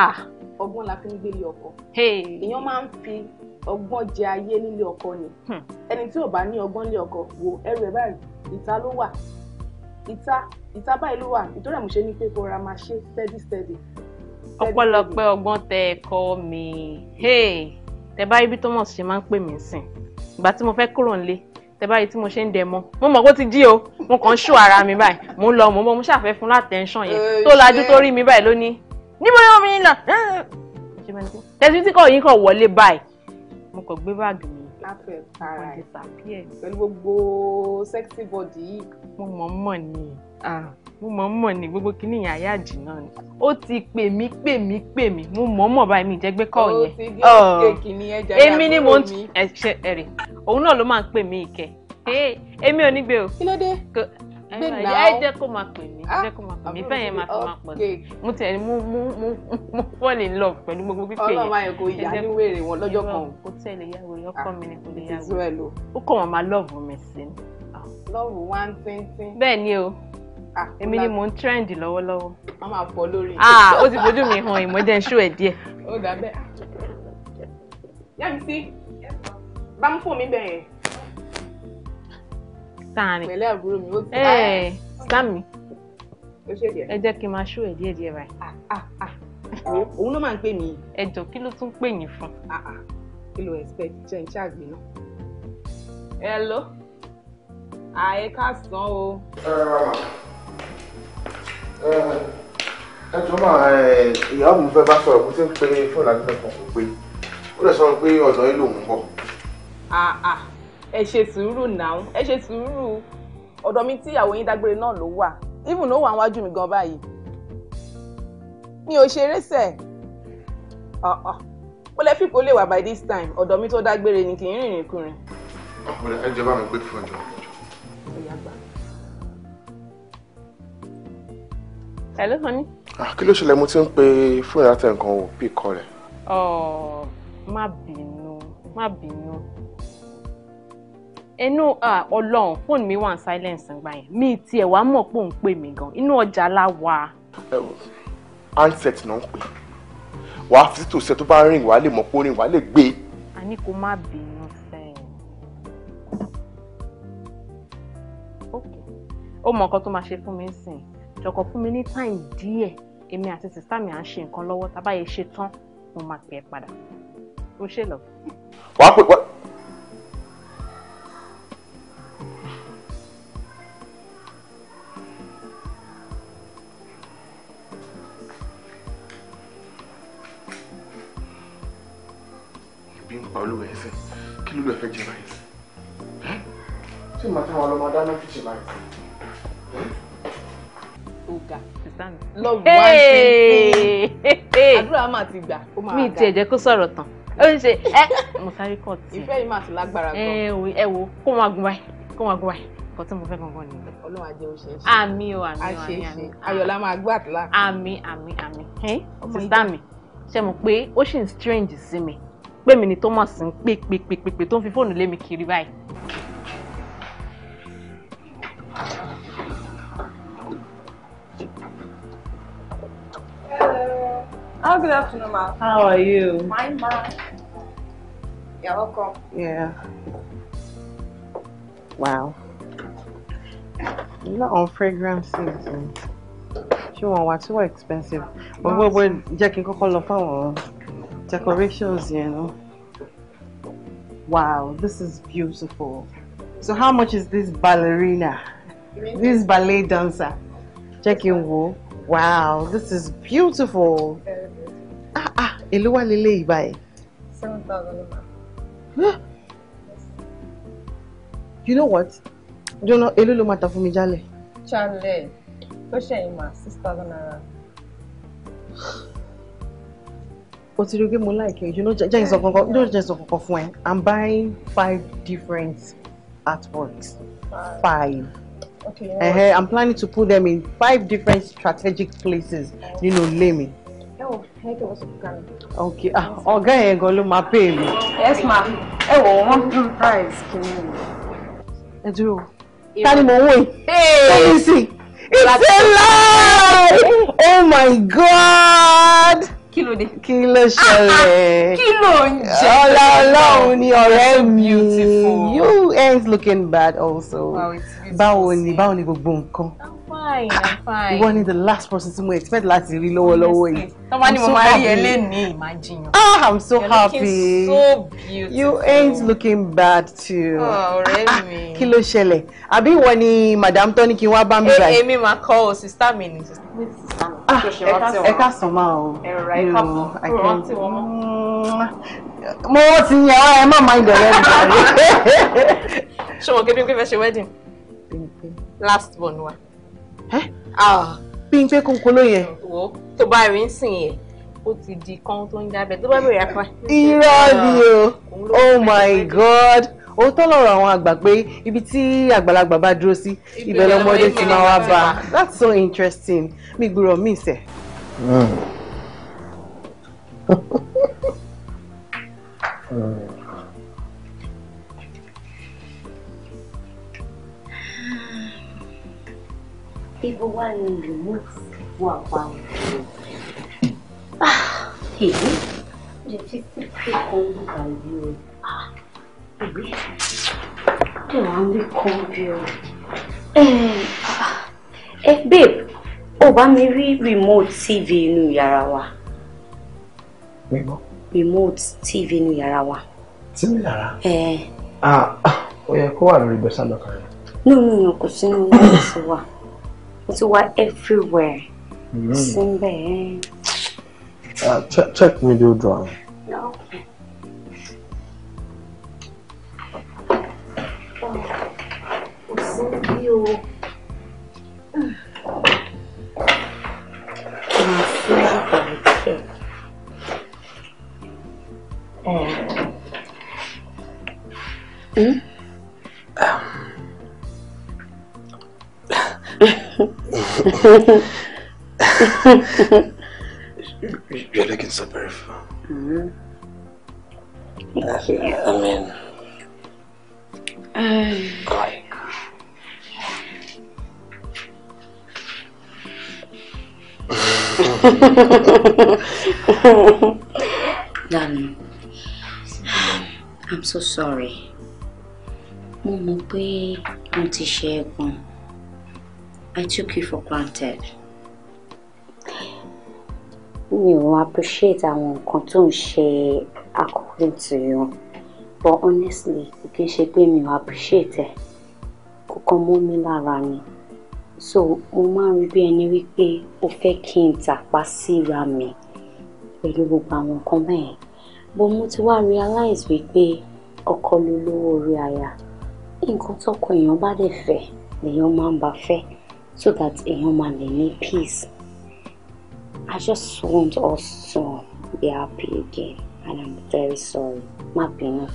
Ah! ọgbọ́n la fi ń gbélé ọkọ èèyàn máa ń fi ọgbọ́n jẹ ayé nílé ọkọ ni hmm. ẹni tí ò bá ní ọgbọ́n nílé ọkọ wo ẹrù ẹ̀ báyìí ìta ló wà ìta ìta báyìí ló wà nítorí àmúṣe ní pé kó ra máa ṣe steady steady. ọpẹ́lọpẹ́ ọgbọ́n tẹ ẹ̀kọ́ mi tẹ bá ibi tó mọ̀ ṣe máa ń pè mí sìn ìgbà tí mo fẹ́ kúrò nílé tẹ báyìí tí mo ṣe ń dẹ mọ mo mọ kó ti jí o mo kàn ń ṣó ara mi báyìí mo ń lọ mo mọ mo ṣàfẹ́ fún látẹ̀ńṣàn yẹn tó lajú tó rí mi báyìí lónìí níbo ni mo fi ń lọ tẹ̀sí tí kò yín kàn wọlé báyìí mo kàn gbé báàgì mi mo disappear pẹ̀lú gbogbo sexy body yìí. mo mọ̀ mọ̀ ni ah. mo mọ̀ mọ̀ ni gbogbo kínní yẹn ayé àjìnà ni ó ti pè mí pè mí pè mí mo mọ̀ mọ̀ báyìí mi jẹ́ gbé kọ́ yẹn oh. èmi ni mo ń ẹ̀ṣẹ̀ ẹ̀rẹ̀ òun náà ló máa ń pè mí ìkẹ́ èmi ò ní gbé o. kí ló dé pè náà ẹ jẹ́ kó máa pè mí ah, jẹ́ kó máa pè mí fẹ́yẹn máa tó máa pọ̀ sí mo tẹ̀ mo mo mo mo fall in love pẹ̀lú gbogbo pípé yẹn ọlọ́run ayọ̀ kò yà ní wèrè wọn lọ́jọ́ kan o tẹ̀ lè yàwó yọ ọkọ ah, mi ni kò lè yàwó ó kàn wọ́n máa lọ́ọ̀bù mi sí ni. lọ́ọ̀bù wá ń tíntín. bẹ́ẹ̀ ni o ah, èmi ni mò ń trend lọ́wọ́lọ́wọ́. wọ́n máa fọ lórí. ó ti fojú mi hàn ìmọ̀jẹ̀ ń ṣó ẹ̀ díẹ̀. ó dà bẹ́ẹ̀. yẹ́n mi sí bá mú fóònù mi bẹ̀rẹ̀ sàmì pẹ̀lẹ́ àbúrò mi ó ti bá ẹ sàmì ẹ jẹ́ kí n máa ṣó ẹ̀ díẹ̀ díẹ̀ báyìí. Ah, ah, ah. òun ló máa ń pè mí. ẹ jọ kí ló tún pè yín fún. kí ló expect jẹ́ ń ṣàgbé náà. hello àyè kásán o. Eh, eh, ẹ ẹ màmá ẹ jọ máa ìyàwó mi fẹ́ bá sọ̀rọ̀ bó ti ń pe fóònù àti mẹ́fọ̀n kò pé ó lè sọ pé ọ̀dọ̀ yín lòún bọ̀ ẹ ṣe sùúrù náà ẹ ṣe sùúrù ọ̀dọ̀ mi tí ìyàwó yín dágbére náà ló wà even ló wà wájú mi gan báyìí mi ò ṣeré sẹ̀ ó lẹ́ fìkó lè wà by this time ọ̀dọ̀ mi tó dágbére ni kì í rìnrìn kùnrin. ẹ jẹ́ bá mi gbé fún ọjọ́. Hello, honey. Ah, kí ló ṣẹlẹ̀ mo ti ń pe fóònù látẹ̀ nǹkan ò pí kọ rẹ̀. Má bínú, má bínú ẹnu ọlọ́run fóònù mi wà ní silence ngbà yẹn mi tiẹ̀ wá mọ̀ pé òun pè mí gan inú ọjà la wà. handset náà ń pè wàá fi títò sẹ tó bá rìn wàá lè mọ̀ pé ó rìn wàá lè gbé. a ní kó má bínú sẹ́yìn. ó mọ nǹkan tó máa ṣe fún mi sìn jọkọ fún mi ní táìm díẹ̀ èmi àti sista mi à ń ṣe nǹkan lọ́wọ́ tábàyè ṣe tán mo máa pè é padà ó ṣèlọ. wàá pè wàá. bá olúwa ẹ fẹ́ kí ló lọ fẹ́ jẹ báyìí tí màá táwọn ọlọ́mọ dáná fi ṣe báyìí. ọ̀gá love one thing àdúrà máa ti gbà ó máa ga mi tiẹ̀ jẹ́ kó sọ̀rọ̀ tán ó ń ṣe ẹ mo sáré kọ́ tiẹ̀ ìfẹ́ yìí máa ti lágbára gan ẹ wo kó máa gun báyìí kó máa gun báyìí nǹkan tí mo fẹ́ gangan nìyẹn ọlọ́run ajé ó ṣeé ṣe àmì o àmì o àmì àmì ayọ̀lá máa gbọ́ àtìlá àmì àmì àmì sísá mi ṣe mọ̀ pé ó ṣì ń strange sí mi pé mi ni Thomas ń pè pè pè pè pè tó ń fi fóònù lé mi kiri báyìí. Hello. Oh, good afternoon, ma. How are you? Fine, ma. You're welcome. Yeah. Wow. Not on fragrances. Ṣé wọn wá too expensive? Gbogbo when Jackie n kọ́kọ́ lọ fáwọn decorations you know wow this is beautiful so how much is this ballerina this ballet dancer Checking in wow this is beautiful ah ah èló wà lélẹ̀ seven thousand. you know what You know ló máa ta fún mi jálẹ̀. chalẹ̀ tó ṣẹ̀yìn mà six o ti rí pé mo you know just ìsọ kankan you know jẹ́ ìsọ kankan i'm buying five different artworks five. Okay, uh -huh. I'm planning to put them in five different strategic places nínú ilé mi. Okay, ah, ọ̀gá yẹn gan ló máa pay mi. Yes ma, ẹ wọ̀ wọ́n dún price kìíní. Ẹ dúró, ta Can you ń wò yìí? Let see, it's a lie! Oh my God! kí ló dé. kí ló ṣẹlẹ̀. Ah, ah, kí ló ń jẹ. ọlá ọlọ́run ni ọ̀rẹ́ mi you ends looking bad also. báwo ni báwo ni gbogbo nǹkan fine i'm fine. ìwọ ni the last person to expect last rí lọ́wọ́lọ́wọ́ low tọ́ba ni mo máa rí eléyìí imagine. ah i'm so You're happy. you're looking so beautiful. you ain't looking bad too. Oh, ah, mi. kí ló ṣẹlẹ̀ àbí ìwọ ni madam tó ní kí n wá bá my eh, báyìí. Sister máa kọ́ o sista mi ni. Ah, ẹ ká sàn máa o. ẹ̀rọ ẹ ká bọ̀ kúrò rántí wọn mọ́. mo ti yan ẹ wedding last one, wa bí n pé kónkóló yẹn. wo tó bá rí sìn yẹn ó ti di kan tó ń jábẹ tó bá bẹ̀rẹ̀ apá. irọ́ ni o oh my god òótọ́ lọ́rọ̀ àwọn àgbà pé ibi tí àgbàlagbà bá dúró sí ibẹ̀ lọ́mọdé ti máa wá bá that's so interesting mi gbúrọ̀ mi sẹ̀. Mm. Everyone removes work one. Ah, hey, the fifty people by you. Ah, baby, the one we call you. Eh, ah, eh, babe, ó bá mi remote TV inú yàrá Remote? Remote TV inú yàrá wa. Eh. Ah, ah, ó yẹ kó wà lórí bẹ́sà lọ́kàn rẹ̀. No, no, no, kò sínú yàrá sí ó what everywhere mm-hmm. síbẹ̀ ẹ̀. Uh, check, check do drawer. No. Oh, hmm? Um, mm? um, You're looking so beautiful. Mm -hmm. I, feel, I mean, like. Darling, I'm so sorry. Mo mọ̀ pé mo ti ṣe I took you for granted. You ò appreciate àwọn nǹkan tó ń ṣe according to you but honestly kì í ṣe pé mi ò appreciate ẹ̀ kò kàn mọ́ mi lára ni so mo máa ń rí bí ẹni wípé o fẹ́ kí of tàpá síra mi pẹ̀lú gbogbo àwọn nǹkan bẹ́ẹ̀ bó mo ti wá realize wípé ọkọ lolówó orí aya nǹkan tọkọ èèyàn bá dẹ̀ fẹ́ lèèyàn máa ń bá fẹ́. so that a human may need peace. I just want us to be happy again, and I'm very sorry. Mapino,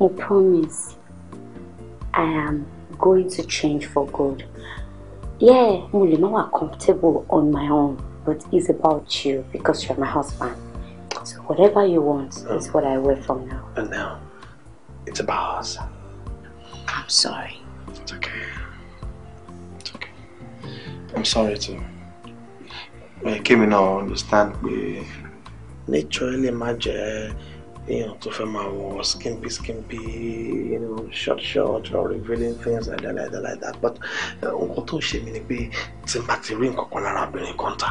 I promise I am going to change for good. Yeah, Mulima were comfortable on my own, but it's about you because you're my husband. So whatever you want oh. is what I wear from now. And now, it's about us. I'm sorry. It's okay. I'm sorry too. Kémi náà understand pé naturally lè you know, to tó fẹ́ máa wọ skimpy skimpy you know short short or revealing things like that like that like that but eh, nǹkan tó ṣe mí ni pé tí màá ti rí nǹkan kan lára obìnrin kan ta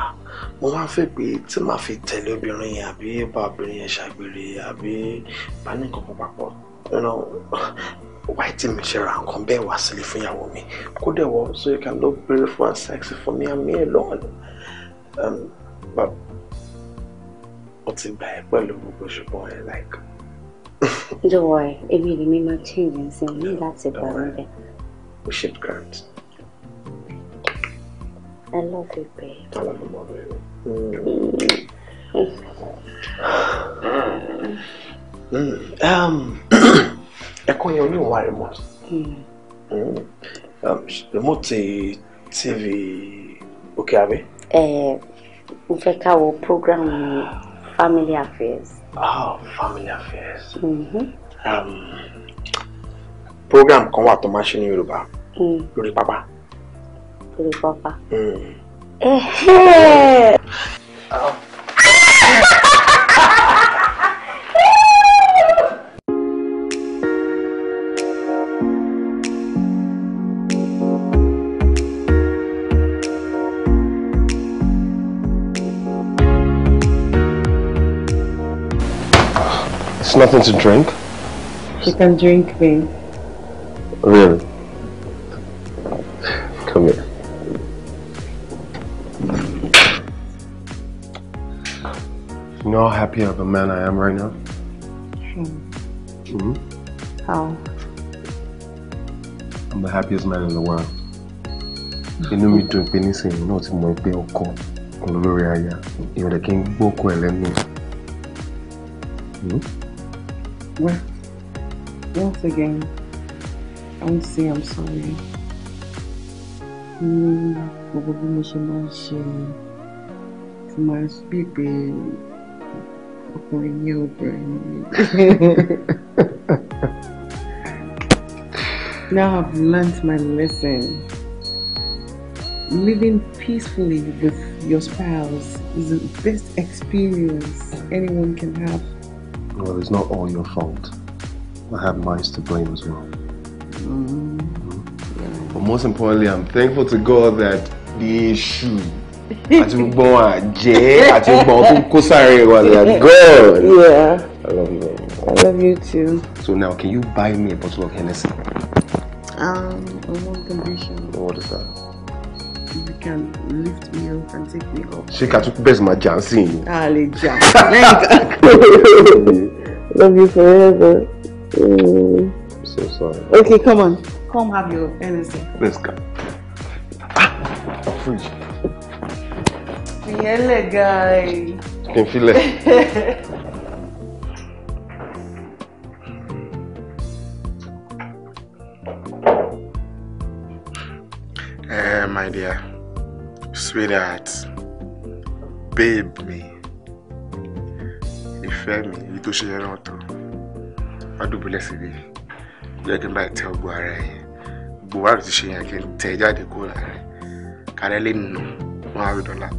mo máa ń fẹ́ pé tí màá fi tẹ̀lé obìnrin yẹn àbí you know wáyé tí and ṣe ra nǹkan bẹ́ẹ̀ wá sílé fún ìyàwó mi kó so you can look beautiful and sexy for me and me alone um, But, what's in gbà Well, pẹ̀lú gbogbo ṣùgbọ́n ẹ̀ like. don't worry èmi lè mi máa change ǹsẹ̀ ní láti gbà mí bẹ́ẹ̀. we should grant. I love you, babe. I love you, mother. Mm. Mm. Mm. Um. ẹ̀kọ́ yẹn oníwà rẹ̀ mọ̀ remote hmm. hmm. um, tv òkè abẹ́. mo fẹ́ ká wo program family affairs. ah family affairs. Mm-hmm. Um, program kan wà tó máa ṣe ní Yorùbá hmm. lórí pápá. lórí pápá. ẹ ẹ. nothing to drink? She can drink me. Really? Come here. You know how happy of a man I am right now? Hmm. Mm -hmm. How? I'm the happiest man in the world. You know me doing inú mi dùn my nísìnyí náà ti mọ pé ọkọ olórí aya ìrẹ̀kí ń gbókò ẹ̀ Hmm with once again. Don't say I'm sorry. Hmm, gbogbo bí mo ṣe máa ń ṣe ti máa ń Now I've learnt my lesson. Living peacefully with your spouse is the best experience anyone can have. Well, it's not all your fault. I have mine to blame as well. Mm. Mm. But most importantly, I'm thankful to God that the issue àtúgbọ́n àjẹ́ àtúgbọ́n tó kó the wa they are God. Yeah. I love you I love you too. So now can you buy me a bottle of Hennessy? Um, on one condition. What is that? can lift me up and take me up. She ká tún kú bẹ́ẹ̀ sì máa jà ń love you forever. Mm. so sorry. okay come on come have your energy. let's go. ah fridge. ìyẹn lè ga Can feel it. filẹ̀. Uh, eh, my dear. Sweetheart, babe mi, ìfẹ́ mi, èyí tó ṣe yẹn náà tán, má dùbúlẹ̀ síbi, jẹ́ kí n bá tẹ ọgbọ ara ẹ̀, gbogbo wa ti ṣe yẹn kí n tẹ jáde kúrò lára ẹ̀, kárẹ́ lè nù fún àrùn dọ́là.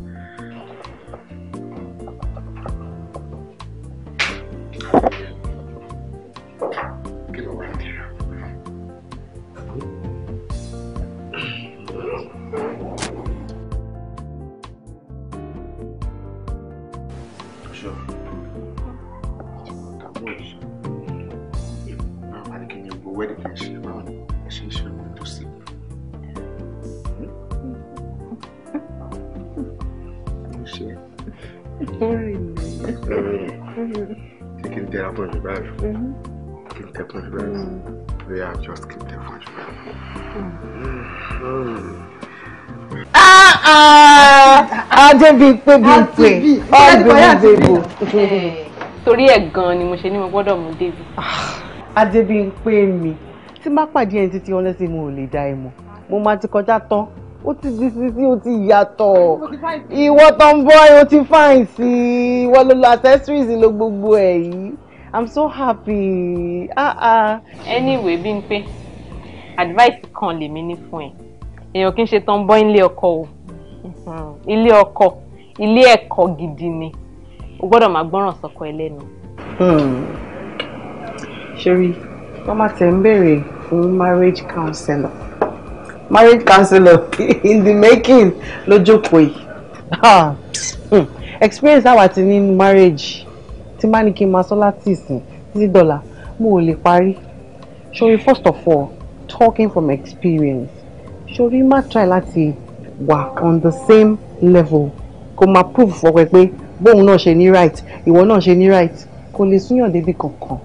pé bíi pé bíi pé all believable. Eh, torí ẹ̀ gan ni mo ṣe ní mo gbọ́dọ̀ mú débi. Ah, Adébímpé mi tí má pàdé ẹni títí ọlẹ́sì mo ò lè dá ẹ mọ̀ mo máa ti kọjá tán ó ti di sisi ó ti yàtọ̀ ìwọ tó ń bọ́ ẹ ó ti fine sí i ìwọ ló lo accessories lo gbogbo ẹ̀ yìí i'm so happy. Ah, ah. anyway Bímpé advice kan lèmi ní fún ẹ èèyàn kì í ṣe tán bọ́ ilé ọkọ o Hmm. ilé ọkọ ilé ẹ̀kọ́ gidi ni o gbọ́dọ̀ máa gbọ́ràn sọ́kọ ẹlẹ́nu. Hmm. ṣeré wọ́n máa tẹ̀ ń béèrè fún marriage counselor marriage counselor in the making lójókòó yìí ah. hmm. experience àwa ti ní marriage tí má ní kí n máa sọ láti ìsìn títí dọ́là mo ò lè parí ṣorí first of all talking from experience ṣorí má try láti. Work on the same level kó máa prove fọwọ́ ẹ pé bóun náà ṣe ní right ìwọ náà ṣe ní right kò lè súnyàn débi kankan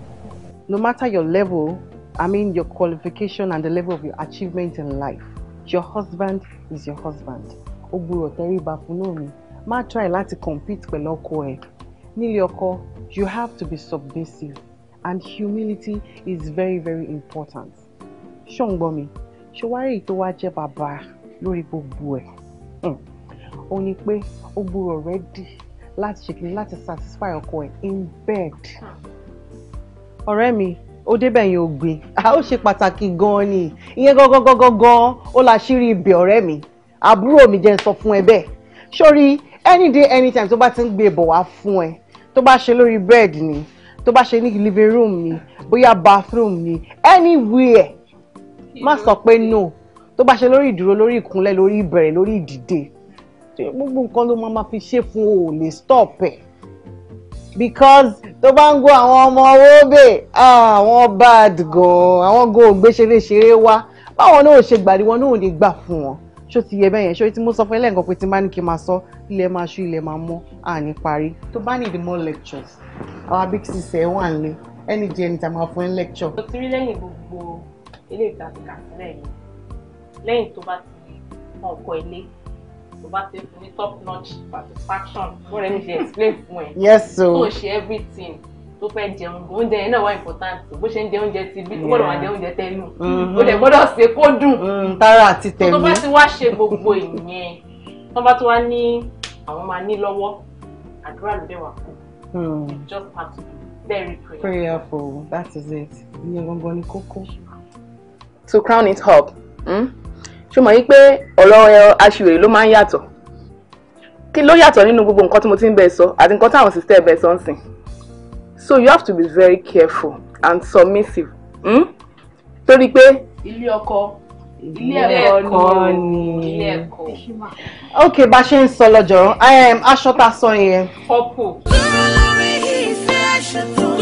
no matter your level I mean your qualification and the level of your achievement in life your husband is your husband ó gbúrò tẹríba fún náà ni má try láti compete pẹ̀lú ọkọ ẹ̀ nílé ọkọ you have to be submissive and humility is very very important ṣọ́ǹgbọ́n mi ṣọwárì tó wá jẹ́ bàbá lórí gbogbo ẹ̀ hmm. ó ní pé ó gbúrò rẹ̀ dì láti ṣe láti satisfy ọkọ ẹ̀ in bed ọ̀rẹ́ mi ó débẹ̀ yẹn ò gbé ó ṣe pàtàkì gan-an ni ìyẹn gangan gangan gan ó la ṣírí ibẹ̀ ọ̀rẹ́ mi àbúrò mi jẹ́ sọ fún ẹ bẹ́ẹ̀ sórí any day anytime tó bá ti ń gbé bọ̀ wá fún ẹ tó bá ṣe lórí bẹ́ẹ̀dì ni tó bá ṣe ní living room ni bóyá bathroom ni anywhere má sọ pé no tó bá ṣe lórí ìdúró lórí ìkúnlẹ̀ lórí ìbẹ̀rẹ̀ lórí ìdìde gbogbo nǹkan ló máa fi ṣe fún o lè stop ẹ̀ because tó bá ń go àwọn ọmọ owóbè ah, àwọn bad gan àwọn go gbéṣeréṣeré wá báwọn náà ṣe gbàdí wọn náà ò ní gbà fún wọn ṣó ti yẹ bẹ́yẹn ṣó tí mo sọ fún ẹlẹ́ǹkan pé tí bá ní kí n máa sọ ilẹ̀ máa ṣú ilẹ̀ máa mọ́ àní parí tó bá need more lectures our big sister ẹ̀ wà nílé ẹni jẹ́ ẹni tá a máa fún ẹ lecture. mo ti rí lẹ́yìn gbogbo ilé ìtàkùn kàtúrẹ̀ yìí lẹ́yìn tó bá ti kan ọkọ̀ ilé tó bá ti fún ní top notch satisfaction wọ́n rẹ̀ mi ṣe explain fún ẹ. yes so. tó ṣe everything tó fẹ́ jẹun oúnjẹ yẹn náà wá important bó ṣe ń jẹ oúnjẹ ti bí ó gbọ́dọ̀ wá jẹ oúnjẹ tẹ́nu mm-hmm. ó dẹ̀ gbọ́dọ̀ ṣe kó dùn. Mm, tara àti tẹ̀mí. tó bá ti wá ṣe gbogbo ìyẹn tó bá ti wá ní àwọn máa ní lọ́wọ́ àdúrà ló dẹ̀ wà kù. Mm. just have to be very prayerful. prayerful that is it. ìyẹn gbọ́ngàn ni kókó. to crown it up. Hmm? ṣe mọ̀ yín pé ọ̀rọ̀ aṣiwèrè ló máa ń yàtọ̀ kí ló yàtọ̀ nínú gbogbo nǹkan tí mo ti ń bẹ sọ àti nǹkan táwọn sister bẹ sọ ń sìn so you have to be very careful and submissive hmm? torí pé ilé ọkọ ilé ẹ̀kọ́ ni ilé ẹ̀kọ́ ok bá a ṣe ń sọ lọ́jọ́ aṣọ tá a sọ yẹn. ọ̀pọ̀. lórí ìfẹ́ ṣètò.